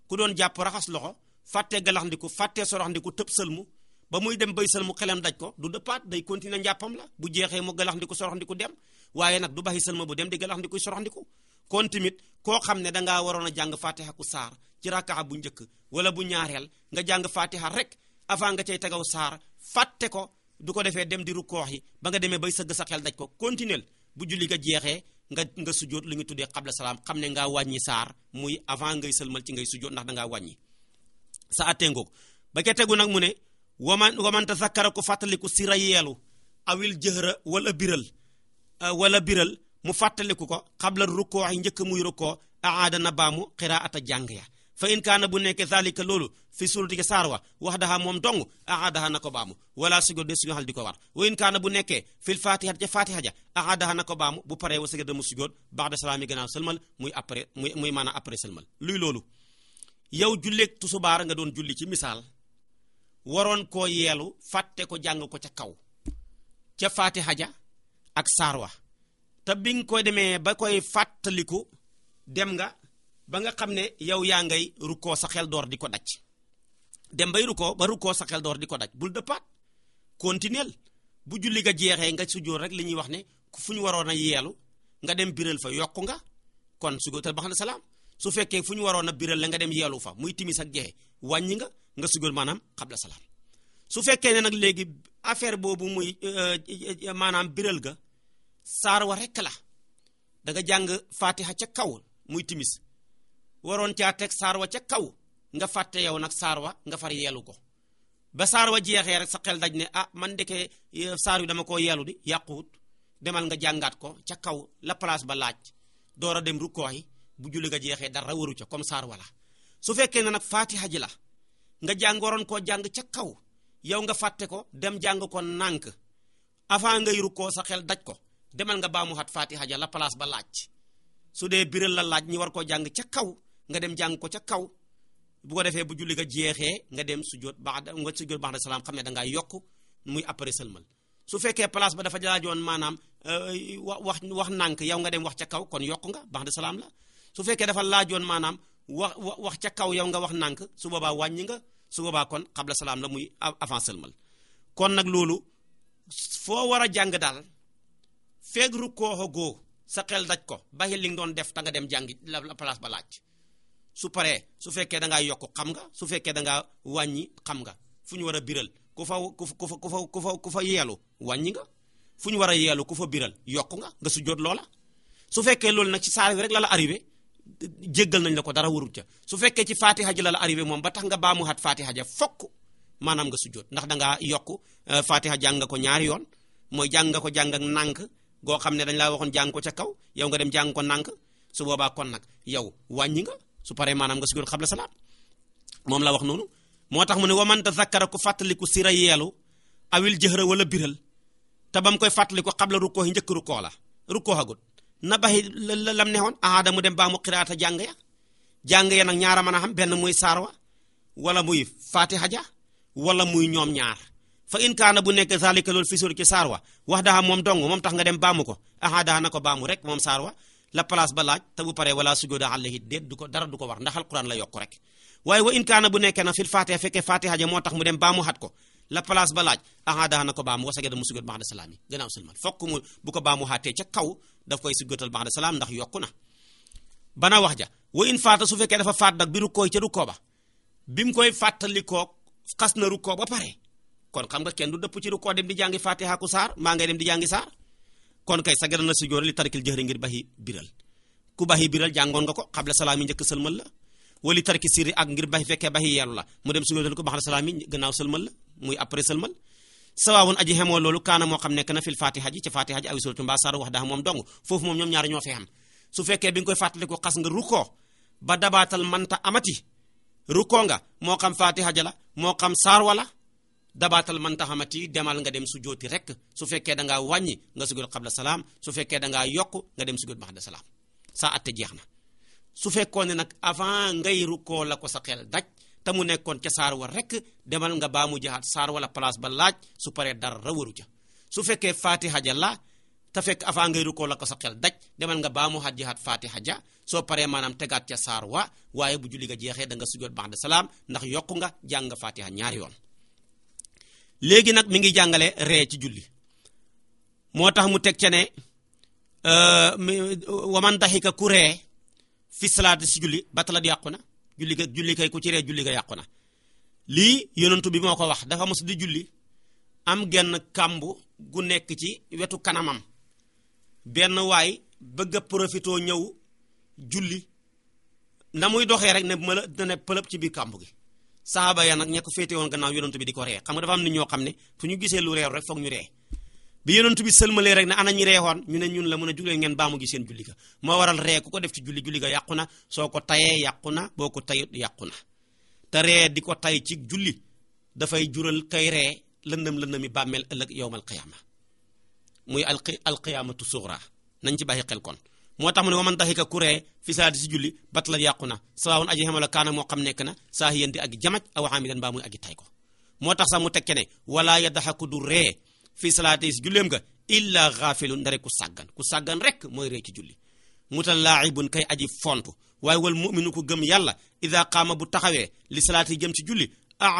ku doon jàpp raxas loxo fàtte galaxndiku fàtte soroxndiku tëb sëlmu ba muy dem bay sal mu xelam daj ko du dëppaat day continuer njàppam la bu jeexee mu galaxndiku soroxndiku dem waaye nag du baxi sal ma bu dem di galaxndiku soroxndiku kon tamit koo xam ne dangaa waroon a jàng fatiha ku saar ci bu njëkk wala bu ñaareel nga jàng fatiha rek avant nga cay tegaw saar fàtte ko du ko defee dem di rukkoox yi ba nga demee bay sëgg sa xel daj ko continuer bu julli nga jeexee nga nga sujjoot lu ñu tuddee qabla salaam xam ne ngaa wàññi saar muy avant ngay sëlmal ci ngay sujjoot ndax dangaa wàññi sa attengoog ba ca tegu nag mu ne waman waman ko ku ko si ra yeelu awil jëhra wala biral euh, wala birël mu fàttaliku ko xabla rukkoo yi njëkk muy rukkoo aada na baa xiraata jàng ya fa in kaana bu nekkee zalika loolu fi surati saar wa wax daha moom dong aadaha na ko baamu wala sujud di ko wa in kaana bu nekkee fil fatiha ja fatiha ja aadaha na ko baamu bu paree wa sujud mu sujud ba'da salaami gannaaw sëlmal muy après muy muy maanaam après sëlmal loolu yow julleeg tusubaar nga doon julli ci misaal waroon koo yeelu fàtte ko jàng ko ca kaw ca faatiha ja ak saarwa te bi nga koy demee ba koy fàttaliku dem nga ba nga xam ne yow yaa ngay rukkoo sa xel door di ko daj dem bay rukkoo ba rukkoo sa xel door di ko daj bul dëppaat continuel bu julli ga jeexee nga su sujjóot rek li ñuy wax ne fu ñu waroon a yeelu nga dem biral fa yokku nga kon su gotal ba xam ne salaam su fekkee fu ñu waroon a biral la nga dem yeelu fa muy timis ak jeexee wàññi nga nga sujoot maanaam xabla salaam su fekkee ne nag léegi affaire boobu muy euh, euh, maanaam biral ga saar wa rek la da jàng fatiha ca kaw muy timis waroon caa teg saar wa ca kaw nga fàtte yow nag saar wa nga far yeelu ko ba saar wa jeexee rek sa xel daj ne ah man deke euh, saar wi dama koo yelu di yàquwut demal nga jàngaat ko ca kaw la place ba laaj door a dem rukkooy bu julli nga jeexee dara waru ca comme saar wala su fekkee ne nag fatiha ji la nga jàng waroon koo jàng ca kaw yow nga fàtte ko dem jàng ko nànk avant ngay rukkoo sa xel daj ko demal nga baamu xat faati ja la place ba laaj su dee biral la laaj ñi war koo jàng ca kaw nga dem jàng ko ca kaw bu defee bu julli nga jeexee nga dem sujjóot ba'da nga sujjóot ba'da salaam xam ne da ngaa yokk muy après sëlmal su fekkee place ba dafa laajoon maanaam euh, wax wax nànk yow nga dem wax ca kaw kon yokk nga ba'da salaam la su fekkee dafa laajoon maanaam wax wax ca kaw yow nga wax nànk su boobaa wàññi nga su boobaa kon xabla salaam la muy avant sëlmal kon nag loolu foo war a jàng daal feeg rukkoo goo sa xel daj ko bàyyi li nga doon def ta nga dem jàngi la place ba laaj su paree su fekkee da ngaa yokk xam nga su fekkee da ngaa wàññi xam nga fu ñu war a biral ku fa ku fa ku fa ku fa ku fa yeelu wàññi nga fu ñu war a yeelu ku fa biral yokk nga nga su jot loola su fekkee loolu nag ci saar rek la la jéggal nañ la ko dara warut ca su fekkee ci fatiha ji la la arrivé moom ba tax nga baamu xat fatiha ja fokk maanaam nga sujjoot ndax da ngaa yokk euh, fatiha jàng ko ñaari yoon mooy jàng ko jàng ak goo xam ne dañ laa waxoon jàng ko ca kaw yow nga dem jàng ko su boobaa kon nag yow wàññi nga su paree maanaam nga sujjoot xabla salaam moom la wax noonu moo tax mu ne waman tazakkara ku fàttaliku sira yeelu awil jëhra wala biral te ba mu koy fàttaliku xabla rukkoo yi njëkk rukkoo la rukkoo agut na baxi lam ne woon aada mu dem baa mu xiraata jàng ya jàng ya nag ñaara mën a xam benn muy saar wa wala muy fatiha ja wala muy ñoom ñaar fa in kaana bu nekk zalika loolu fi sóor ci saar wa wax daa moom dong moom tax nga dem baamu ko aada na ko baamu rek moom saar wa la place ba laaj te bu paree wala sujuda alayhi déet du ko dara du ko war ndax alquran la yokk rek waaye wa in kaana bu nekkee nag fil fatiha fekkee fatiha ja moo tax mu dem baamu xat la place ba laaj aha daa na ko baamu wa sajada mu sujjóot ba'da salaam yi gannaaw sëlmal fokk mu bu ko baamu xaatee ca kaw daf koy sujjóotal ba'da salaam ndax yokku na bana wax ja wa in faata su fekkee dafa faat nag bi rukkooy ca rukkoo ba bi mu koy fàttali koog xas na rukkoo ba pare kon xam nga kenn du dëpp ci rukkoo dem di jàngi Faatiha maa ngay dem di jàngi saar kon kay sajada na sujjóot li tarkil jahri ngir baxi biral ku baxi biral jàngoon nga ko xabla salaam yi njëkk sëlmal la wali tarki sirri ak ngir baxi fekkee baxi yeelu la mu dem sujjóotal ko ba'da salaam yi gannaaw sëlmal la muy après sëlmal sawaawoon aji xemoo loolu kaana moo xam nekk na fil fatiha ji ci fatiha ji aw suratu mbaa saaru wax daa moom dong foofu moom ñoom ñaari ñoo fee am su fekkee bi nga koy fàttaliku xas nga rukkoo ba dabaatal manta amati rukkoo nga moo xam fatiha ja la moo xam saar wala dabaatal manta amati demal nga dem su jooti rek su fekkee da ngaa wàññi nga sujud qabla salaam su fekkee da yokk nga dem sujud ba'da salaam saa atte jeex na su fekkoon ne nag avant ngay rukkoo la ko sa xel daj te mu nekkoon ca saar wa rek demal nga baa mu jaxaat saar wala place ba laaj su paree dara waru ca su fekkee fatiha ja la te fekk avant ngay rukkoo la ko sa xel daj demal nga baa mu xat jaxaat fatiha ja soo paree maanaam tegaat ca saar wa waaye bu julli nga jeexee da nga sujjoot da salaam ndax yokku nga jàng nga fatiha ñaari yoon léegi nag mi ngi jàngale ree ci julli moo tax mu teg ca ne euh, waman daxika ku ree fi salaati si julli batalat yàqu na julli ka julli kay ku ci ree julli ka yàqu na lii yonentu bi moo ko wax dafa mos di julli am genn kàmb gu nekk ci wetu kanamam benn waay bëgg a profité ñëw julli na muy doxee rek ne mala ne pëlëb ci biir kàmb gi saaba ya nag ña ko féete woon gannaaw yonentu bi di ko ree xam nga dafa am nit ñoo xam ne fu ñu gisee lu reeru rek foog ñu ree bi yonent bi sëlmalee rek ne ana ñi reexoon ñu ne ñun la mun a juglee ngeen baamu gi seen julli ga moo waral ree ku ko def ci julli julli ga yàqu na soo ko tayee yàqu na boo ko tayut yàqu na te ree di ko tay ci julli dafay jural kay ree lëndëm lëndëmi bàmmeel ëllëg yowmal qiyaama muy alqiyaamatu suxra nañ ci bàyyi xel kon moo tax mu man daxika ku fi saadi si julli la yàqu na sawaawun aji xamal kaana moo xam nekk na saa yéen di ak jamaj aw xaamidan baa muy aji tay ko moo tax sax mu tekke ne wala yadaxaku du ree fii salaatis julleem nga illa xaafilun ndare ku sàggan ku sàggan rek mooy ree ci julli mutalaa'ibun kay aji fontu waaye wal mu'minu ku gëm yàlla ida qaama bu taxawee li salaati jëm ci julli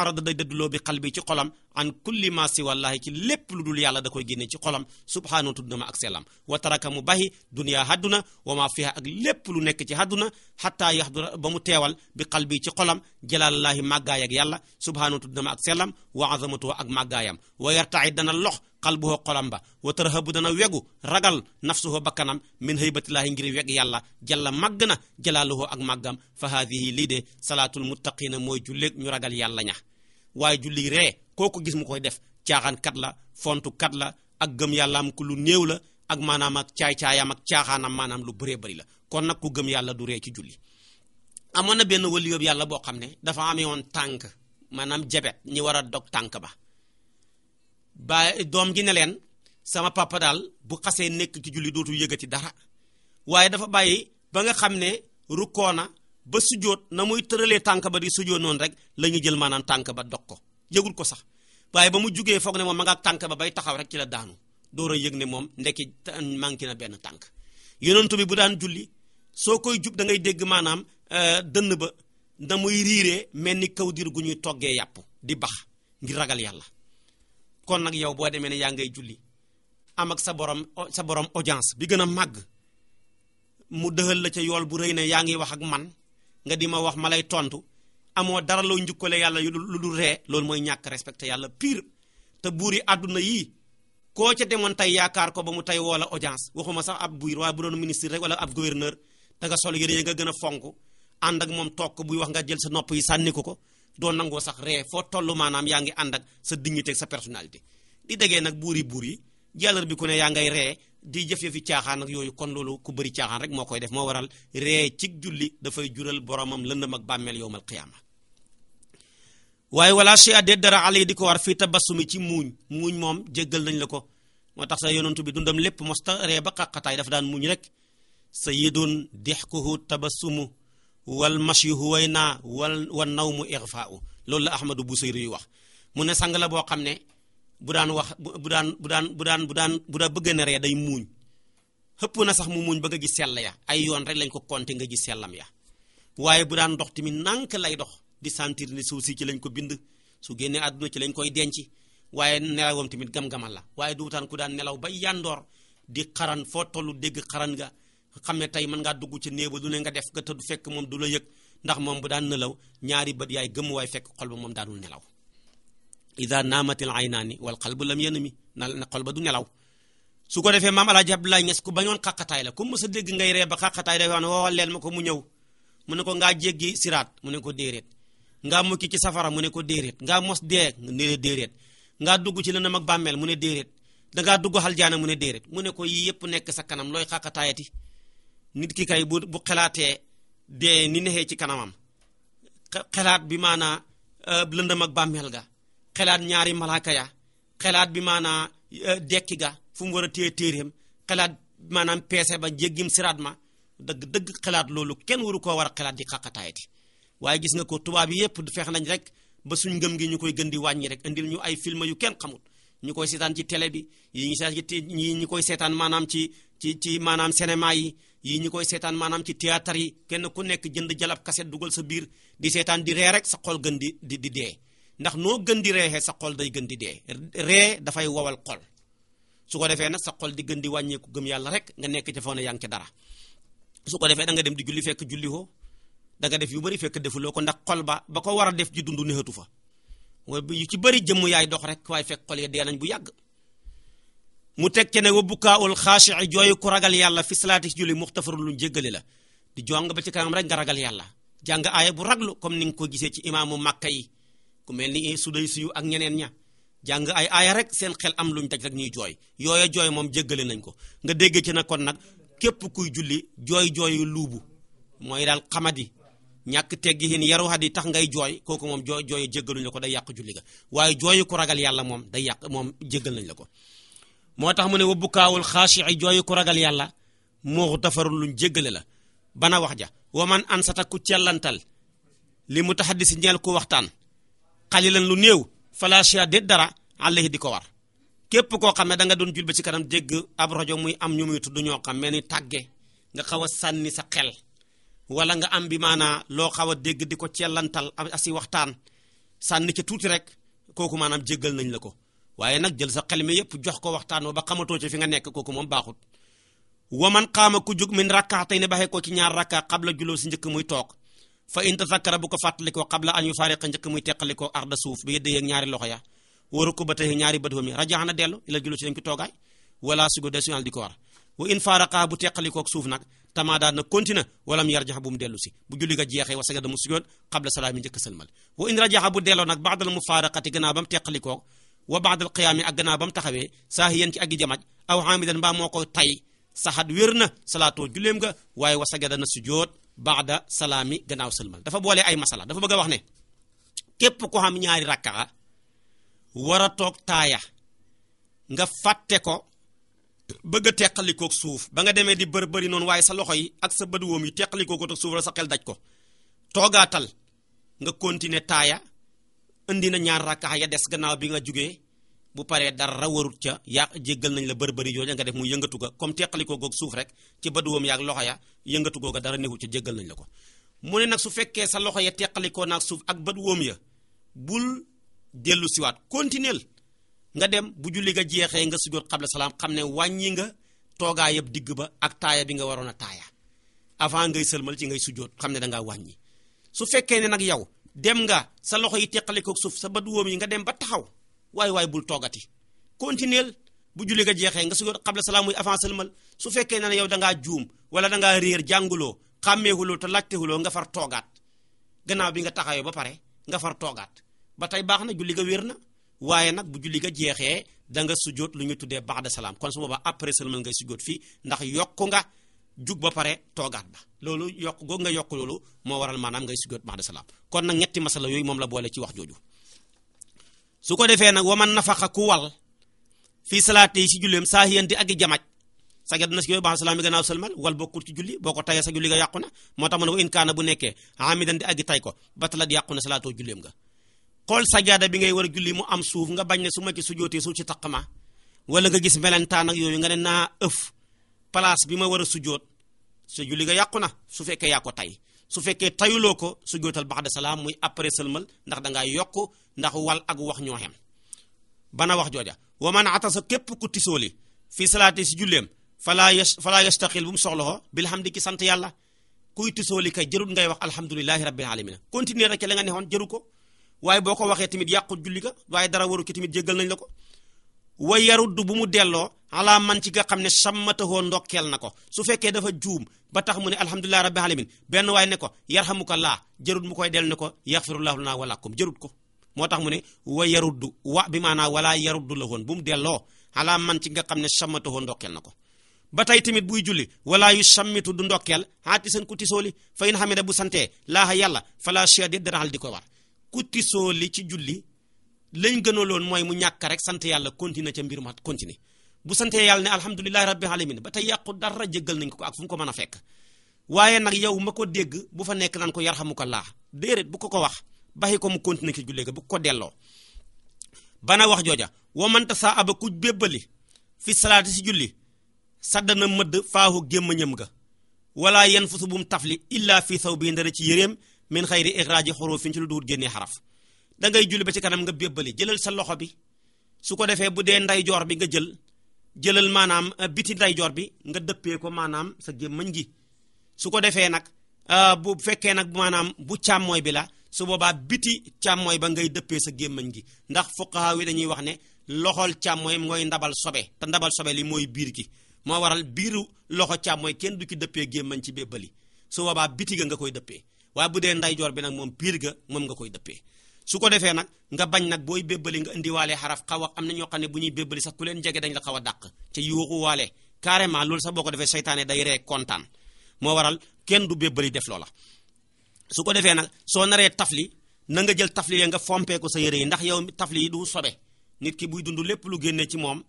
arada day dëdduloo bi xalbi ci xolam an kulli ma si wallahi ci lépp lu dul yàlla da koy génne ci xolam subhaanahu tudd na ma ak sellam wa taraka mu bahi duniya hadduna wa ma fiha ak lépp lu nekk ci hadduna hatta yahdura ba mu teewal bi qalbi ci xolam jalaalullahi màggaay ak yàlla subhaanahu tudd na ma ak selam wa azamatu ak màggaayam wa yartaid dana lox qalbuhu xolam ba wa tarhabu dana wegu ragal nafsuhu bakkanam min haybatillahi ngir weg yàlla jalla màgg na jalaaluhu ak màggam fa haadihi lii de salaatul muttaqina mooy julleeg ñu ragal yàlla ña kooku gis mu koy def caaxaan kat la fontu kat la ak gëm yàllaam ku lu néew la ak maanaam ak caay-caayaam ak caaxaanam maanaam lu bëree bëri la kon nag ku gëm yàlla du ree ci julli amoon na benn wali yóbbu yàlla boo xam ne dafa amee woon tànk maanaam jabet ñi war a dog tànk ba ba doom gi ne leen sama papa daal bu xasee nekk ci julli dootul yëgati dara waaye dafa bàyyi ba nga xam ne rukkoona ba sujjóot na muy tëralee tànk ba di sujjóot noonu rek la jël maanaam tànk ba dog ko yëgul ko sax waaye ba mu jugee foog ne moom magaat tànk ba bay taxaw rek ci la daanu door a yëg ne moom ndekki manqué na benn tànk yonentu bi bu daan julli soo koy jub da ngay dégg maanaam euh, dënn ba na muy riiree mel ni kaw dir gu ñuy toggee yàpp di bax ngir ragal yàlla kon nag yow boo demee ne yaa ngay julli am ak sa borom sa borom audience bi gën a màgg mu dëxal la ca yool bu rëy ne yaa ngi wax ak man nga di ma wax ma lay tontu amoo dara loo njukkale yàlla lu dul ree loolu mooy ñàkk respecté yàlla pire te buur yi àdduna yii koo ca demoon tey yaakaar ko ba mu tey woola audience waxuma sax ab buur waaye bu doon ministre rek wala ab gouverneur danga nga sol yére nga gën a fonk ànd ak moom toog buy wax nga jël sa nopp yi sànni ko ko doo nangoo sax ree foo toll maanaam yaa ngi ànd ak sa dignité ak sa personnalité di degee nag buur yi buur yi jàllar bi ku ne yaa ngay ree di jëfee fi caaxaan yooyu kon loolu ku bëri caaxaan rek koy def moo waral ree cig julli dafay jural boromam lëndëm ak bàmmeel yowmal qiyaama waaye wala chi adde dara ale di ko war fii tabassumi ci muuñ muuñ moom jéggal nañ la ko moo tax sa yonantu bi dundam lépp mosta ree ba xaqataay dafa daan muuñ rek sayyidun dihkuhu tabassumu wal mashyuhu naa wal wa nawmu ighfa'u loolu la ahmadu busayri yu wax mu ne sang la boo xam ne bu daan wax bu daan bu daan bu daan bu daan bu daan bëgg na ree day muuñ xëpp na sax mu muuñ ba nga gis sell ya ay yoon rek lañ ko compter nga gis sellam ya waaye bu daan dox tamit nànk lay dox di santir ne suuf si ci lañ ko bind su génnee àdduna ci lañ koy denc waaye nelawam tamit gam-gamal la waaye duutaan ku daan nelaw ba yandoor di xaran foo tollu dégg xaran ga xam ne tey mën ngaa dugg ci néeba lu ne nga def nga tëdd fekk moom du la yëg ndax moom bu daan nelaw ñaari bët yaay gëmm waaye fekk xol ba moom daanul nelaw ida naamatil aynaani wal qalbu lam yanami na xol ba du nelaw su ko defee maam alaaji Abdoulaye Niass ku bañoon xaqataay la comme mësa dégg ngay ree ba xaqataay dafa wax ne woowal leen ma ko mu ñëw mu ne ko ngaa jéggi siraat mu ne ko déeréet ngaa mukki ci safara mu ne ko déeréet ngaa mos dee ne déeréet ngaa dugg ci lëndëm ak bàmmeel mu ne déeréet dangaa dugg xaljaana mu ne déeréet mu ne ko yii yëpp nekk sa kanam looy xàqataayati nit ki kay bu bu xelaatee dee ni nexee ci kanamam xelaat bi maanaa euh, lëndëm ak bàmmeel ga xelaat ñaari malaaka ya xelaat bi maanaa euh, dekki ga fu mu war a téye téeréem xelaat maanaam peese ba jéggim siraat ma dëgg dëgg xelaat loolu kenn waru koo war a xelaat di xàqataayati waaye gis nga ko tubaab yi yëpp feex nañ rek ba suñ ngëm gi ñu koy gën di wàññi rek indil ñu ay film yu kenn xamul ñu koy seetaan ci télé bi yi ñu seet ñi ñi koy seetaan maanaam ci ci ci maanaam cinéma yi yii ñi koy seetaan maanaam ci théâtre yi kenn ku nekk jënd jalab kaset dugal sa biir di seetaan di ree rek sa xol gën di di di dee ndax noo gën di reexee sa xol day gën di dee ree dafay wowal xol su ko defee nag sa xol di gën di wàññeeku gëm yàlla rek nga nekk ca foog ne yaa dara su ko defee da nga dem di julli fekk julli woo danga def yu bari fekk defuloo ko ndax xol ba ba ko war a def ji dund neexatu fa yu ci bari jëmm yaay dox rek waay fekk xol ya dee nañ bu yàgg mu teg ci ne wa bukkaawul xaashi jooy ku ragal yàlla fi salaati julli muxtafaru lu jéggale la di jong ba ci kanam rek nga ragal yàlla jàng aaya bu raglu comme ni nga ko gisee ci imaamu Makka yi ku mel ni suday siyu ak ñeneen ña jàng ay aaya rek seen xel am luñ daj rek ñuy jooy yooya jooy moom jéggale nañ ko nga dégg ci na kon nag képp kuy julli jooy jooy luubu mooy daal xamadi ñàkk teggi hin yaru xat yi tax ngay jooy kooku moom jooy jooy jéggaluñ la ko day yàq julli ga waaye jooyu ku yàlla moom day yàq moom jéggal nañ la ko moo tax mu ne wa bukkaawul xaashi ay jooyu ku ragal yàlla moo dafarul luñ jéggale la bana wax ja wa man ansata ku cellantal li mu taxaddisi ñeel ku waxtaan xalilan lu néew falacia de dara àllahi di ko war képp koo xam ne da nga doon jul ba ci kanam dégg ab rajo muy am ñu muy tudd ñoo xam mel ni tàgge nga xaw a sànni sa xel wala nga am bi maanaa loo xaw a dégg di ko cellantal assi waxtaan sànni ca tuuti rek kooku maanaam jéggal nañ la ko waaye nag jël sa xel mi yëpp jox ko waxtaan wa ba xamatoo ci fi nga nekk kooku moom baaxut wa man qaama ku jug min rakka tey ne baxee ko ci ñaar rakka qabla juloo si njëkk muy toog fa in tazakkara bu ko fàttalikoo qabla an yufariqa njëkk muy teqalikoo arda suuf bi yedde yeeg ñaari loxo ya war ko ba tey ñaari bët mi rajax na dellu ila juloo si dem ci toogaay wala sugo desinal di ko wa in bu teqalikook suuf nag tamaadaat na continue walam yarjax bu mu dellu si bu julli nga jeexee wasaga dama sujjoon xabla salaami njëkk sëlmal wa in rajaxa bu delloo nag baadal mufaaraqati gannaaw ba mu teqalikoo wa baadal qiyaami ak gannaaw ba mu taxawee saahiyan ci aggi jamaj aw xaamidan mbaa moo ko tay saxat wér na salaatoo julleem ga waaye wasaga dana sujjoot baada salaami gannaaw sëlmal dafa boole ay masalaa dafa bëgg a wax ne képp ko xam ñaari rakkaa war a toog taaya nga fàtte ko bëgg a teqalikook suuf ba nga demee di bër bëri noonu waaye sa loxo yi ak sa bët woom yi teqalikoo ko ak suuf la sa xel daj ko toogaatal nga continuer taaya indi na ñaar rakka ya des gannaaw bi nga jógee bu paree dara warut ca yaa jéggal nañ la bër bëri yooyu nga def mu yëngatu ga comme teqalikoo ko ak suuf rek ci bët woom yaag loxo ya yëngatu ko dara newu ca jëggal nañ la ko mu ne nag su fekkee sa loxo ya teqalikoo naag suuf ak bët woom ya bul dellu siwaat continuel nga dem bu julli nga jeexee nga sujjóot xabla salaam xam ne wàññi nga toogaa yëpp digg ba ak taaya bi nga waroon a taaya avant ngay sëlmal ci ngay sujjóot xam ne da ngaa wàññi su fekkee ne nag yow dem nga sa loxo yi teqale ko suuf sa bët wóom yi nga dem ba taxaw waay waaye bul toogati continuel bu julli nga jeexee nga sujjóot xabla salaam muy avant sëlmal su fekkee ne yow da ngaa juum wala da ngaa réer jànguloo xàmmeehuloo te laajtehuloo nga far toogaat gannaaw bi nga taxawee ba pare nga far toogaat ba tey baax na julli nga wér na waaye nag bu julli nga jeexee da nga sujjóot lu ñu tuddee baax ba'da salaam kon su boobaa après seulement ngay sujjóot fii ndax yokku nga jug ba pare toogaat ba loolu yokk goog nga yokk loolu moo waral maanaam ngay sujjóot ba'da salaam kon nag ñetti masala yooyu moom la boole ci wax jooju su ko defee nag waman nafaqa ku wal fii salaate yi si julleem saahiyan di ak jamaj saget na si yooyu ba'da salaam yi gannaaw sëlmal wal bokkul ci julli boo ko tayee sa julli nga yàqu na moo tax mu bu nekkee amidan di ak tay ko batalat yàqu na salaatoo julleem nga xool sajaada bi ngay war a julli mu am suuf nga bañ ne su ma ci sujootee suuf ci taq ma wala nga gis melentaan ak yooyu nga ne naa ëf place bi ma war a sujoot sa julli ga yàqu na su fekkee yaa ko tay su fekkee tayuloo ko sujootal ba'da salaam muy après mal ndax dangaa yokk ndax wal ak wax ñoo xem bana wax jooja wa man sa képp ku tisooli fii salaati si julleem falaa la falaa yastaxil bu mu soxlaxoo bilhamdi ki sant yàlla kuy tisooli kay jërul ngay wax alhamdulilahi rabbil alamin continuer rek la nga neexoon jëru ko waaye boo ko waxee tamit yàqu julli ga waaye dara waru ki tamit jéggal nañ la ko wa du bu mu delloo ala man ci nga xam ne sammatahoo ndokkeel na ko su fekkee dafa juum ba tax mu ne alhamdulillahi rabbil alamin benn waaye ne ko yarhamuka laa jarut mu koy del ne ko yaxfirullahu lana wa lakum jarut ko moo tax mu ne wa yaruddu wa bi maanaa wala yaruddu la woon bu mu delloo ala man ci nga xam ne sammatahoo ndokkeel na ko ba tey tamit buy julli wala yu sammitu du ndokkeel haati seen ku tisooli fa in hamida bu santee laaha yàlla fala shia dara daraal di ko war ku tisoo li ci julli lañ gënaloon mooy mu ñàkk rek sant yàlla continuer ca mbir ma continuer bu santee yàlla ne alhamdulillahi rabbil alamin ba tey yàqu dara jéggal nañ ko ak fu mu ko mën a fekk waaye nag yow ma ko dégg bu fa nekk naan ko ko yarhamukallah déedéet bu ko ko wax baxi ko mu continuer ci jullee ga bu ko delloo bana wax jooja wa man tasaaba ku bébbali fi salaati si julli saddana mëdd faahu gémmañam ga wala yan fusu bu mu li illa fii saw bi ci yéreem min xayri ixraaji xurufin ci lu duut génnee xaraf da ngay julli ba ci kanam nga bébbali jëlal sa loxo bi su ko defee bu dee ndeyjoor bi nga jël jëlal maanaam euh, biti ndeyjoor bi nga dëppee ko maanaam sa gémmañ gi su ko defee nag euh, bu fekkee nag maanaam bu càmmooy bi la su boobaa biti càmmooy ba ngay dëppee sa gémmañ gi ndax fuqaha dañuy wax ne loxol càmmooy mooy ndabal sobe te ndabal sobe li mooy biir gi moo waral biiru loxo càmmooy kenn du ci dëppee gémmañ ci bébbali su boobaa biti ga nga koy dëppee waaye bu dee ndeyjoor bi nag moom piir ga moom nga koy dëppee su ko defee nag nga bañ nag booy bébbali nga indiwaalee xaraf xaw am na ñoo xam ne bu ñuy bébbali sa ku leen jege dañ la xaw a dàq ca yuuxuwaale carrément loolu sax boo ko defee seytaane day kontaan moo waral kenn du bébbali def loola su ko defee nag soo naree tafli na nga jël tafli ya nga fompee ko sa yëre yi ndax yow tafli yi du sobe nit ki buy dundu lépp lu génnee ci moom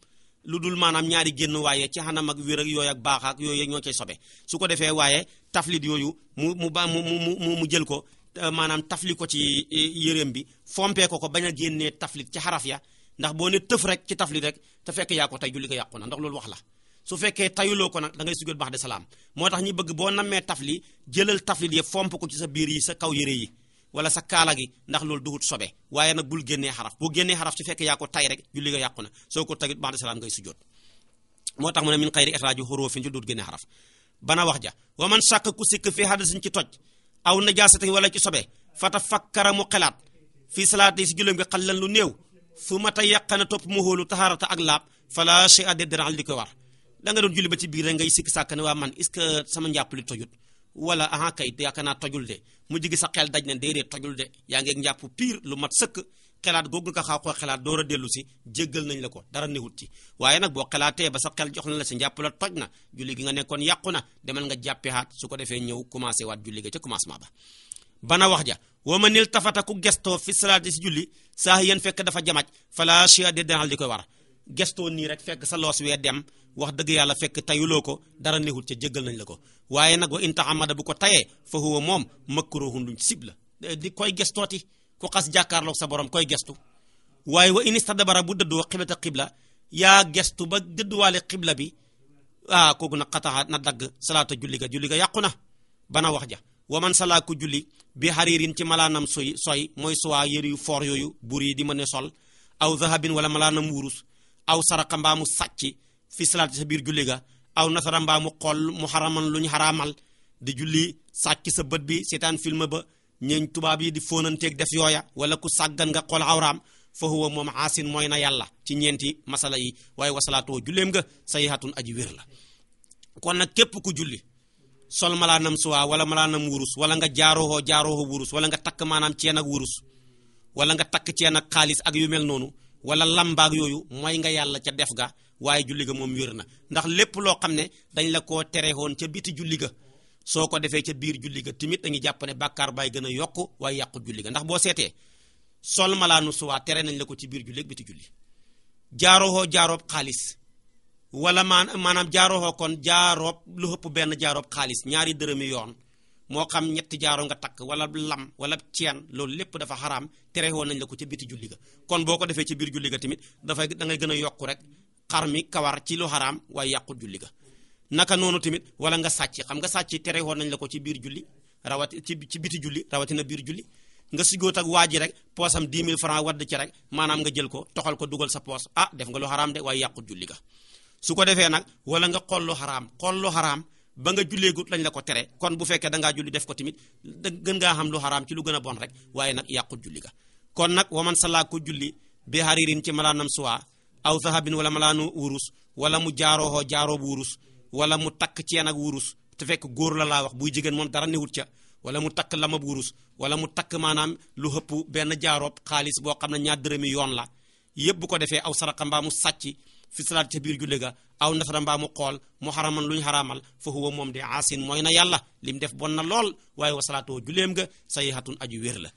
lu dul maanaam ñaari génn waaye ci xanam ak wér ak yooyu ak baax ak yooyu ñoo cay sobe su ko defee waaye taflit yooyu mu mu ba mu mu mu jël ko euh, maanaam tafli ko ci euh, yëreem bi fompee ko ko bañ a génnee taflit ci xaraf ya ndax boo ne tëf rek ci taflit rek te fekk yaa ko tey julli na ndax loolu wax la su fekkee tayuloo ko nag da ngay sujjóot baax de salaam moo tax ñi bëgg boo nammee tafli jëlal taflit ya fomp ko ci sa biir yi sa kaw yëre yi wala sa kaala gi ndax loolu duhut sobe waaye nag bul génnee xaraf boo génnee xaraf ci fekk yaa ko tay rek julli nga yàqu na soo ko tagit baax de salaam ngay sujjóot moo tax mu a min xayri ihraaji xuruufin ci duut génnee xaraf banaa wax ja wa man sàkk ku sikk fii hadasin ci toj aw najaasati wala ci sobe fata fakkara mu xelaat fii salaat yi si julleem gi xallan lu néew su ma ta yàqana topp mu hóolu taxaarata ak laab fala shay'a dara li ko war da nga doon julli ba ci biir rek ngay sikk sàkk ne waa man est-ce sama njàpp li tojut wala aha kay yaakaar naa tojul de mu jigi sa xel daj ne déedéet tojul de yaa ngeeg njàpp pire lu mat sëkk xelaat googu nga xaw koo xelaat door a dellu si jéggal nañ la ko dara newut ci waaye nag boo xelaatee ba sa xel jox na la si njàpp la toj na julli gi nga nekkoon yàqu na demal nga jàppi haat su ko defee ñëw commencé waat julli ga ca commencement ba bana wax ja wa ma nil tafata ku gestoo fi salaati si julli saa yéen fekk dafa jamaj fala chia de danal di koy war gestoo nii rek fekk sa loos wee dem wax dëgg yàlla fekk tayuloo ko dara newut ca jéggal nañ la ko waaye nag wa intahamada bu ko tayee fa huwa moom makruhun luñ sib la di ku xas jàkkaarloog sa borom koy gestu waaye wa in istadbara bu dëddoo xiblata xibla yaa gestu ba dëdduwaale xibla bi ah kooku nag xataxa na dagg salaata julli ga julli ga yàqu na bana wax ja wa man salaa ku julli bi xariirin ci malaanam soy soy mooy suwaa yëri yu foor yooyu buur yi di mën a sol aw zahabin wala malaanam wurus aw saraka mbaa mu sàcc fi salaati sa biir julli ga aw nasara mbaa mu xool mu xaraman lu ñu xaraamal di julli sàcc sa bët bi seetaan ñeeñ tubaab yi di fóonanteeg def yooya wala ku sàggan nga xool awraam fa huwa moom aasin mooy na yàlla ci ñeenti masala yi waaye wasalaatoo julleem nga sayhatun aji wér la kon nag képp ku julli sol malaanam suwaa wala malaanam wurus wala nga jaaroohoo jaaroohoo wurus wala nga takk maanaam ceen ak wurus wala nga takk ceen ak xaalis ak yu mel noonu wala lambaag yooyu mooy nga yàlla ca def ga waaye julli ga moom wér na ndax lépp loo xam ne dañ la koo terewoon ca biti julli soo ko defee ca biir julli tamit dañuy jàpp ne bàkkaar bay gën a yokk waaye yàqu julli ndax boo seetee sol malaanu suwaa tere nañ la ko ci biir julli ak biti julli jaaroohoo jaaroob xaalis wala maan maanaam jaaroohoo kon jaaroob lu ëpp benn jaaroob xaalis ñaari dërëmi yoon moo xam ñetti jaaro nga takk wala lam wala ceen loolu lépp dafa xaraam tere woon nañ la ko ca biti julli ga kon boo ko defee ci biir julli tamit dafay da gën a yokk rek xar mi kawar ci lu xaraam waaye yàqu julli ga naka noonu tamit wala nga sàcc xam nga sàcc tere woon nañ la ko ci biir julli rawati ci ci biti julli rawatina biir julli nga sigoot ak waa ji rek poosam 10 000 francs wadd ci rek maanaam nga jël ko toxal ko dugal sa poos ah def nga lu xaraam de waaye yàqu julli ga su ko defee nag wala nga xollu xaraam xollu xaraam ba nga julleegut lañ la ko tere kon bu fekkee dangaa julli def ko tamit da gën ngaa xam lu ci lu gën a bon rek waaye nag yàqu julli kon nag waman salaa ko julli bi haririn ci malaanam suwaa aw sahabin wala malaanu wurus wala mu jaaroohoo jaaroobu wurus wala mu takk ceen ak wurus te fekk góor la laa wax buy jigéen moom dara newut ca wala mu takk lamab wurus wala mu takk maanaam lu hëpp benn jaaroob xaalis boo xam ne ñaar dërëmi yoon la yëpp bu ko defee aw saraxa mbaa mu sàcc fi salaat ca biir julli ga aw nasara mu xool mu xaraman lu ñu xaraamal fa huwa moom de aasin mooy na yàlla lim def bon na lool waaye wasalaatoo julleem ga sayihatun aju wér la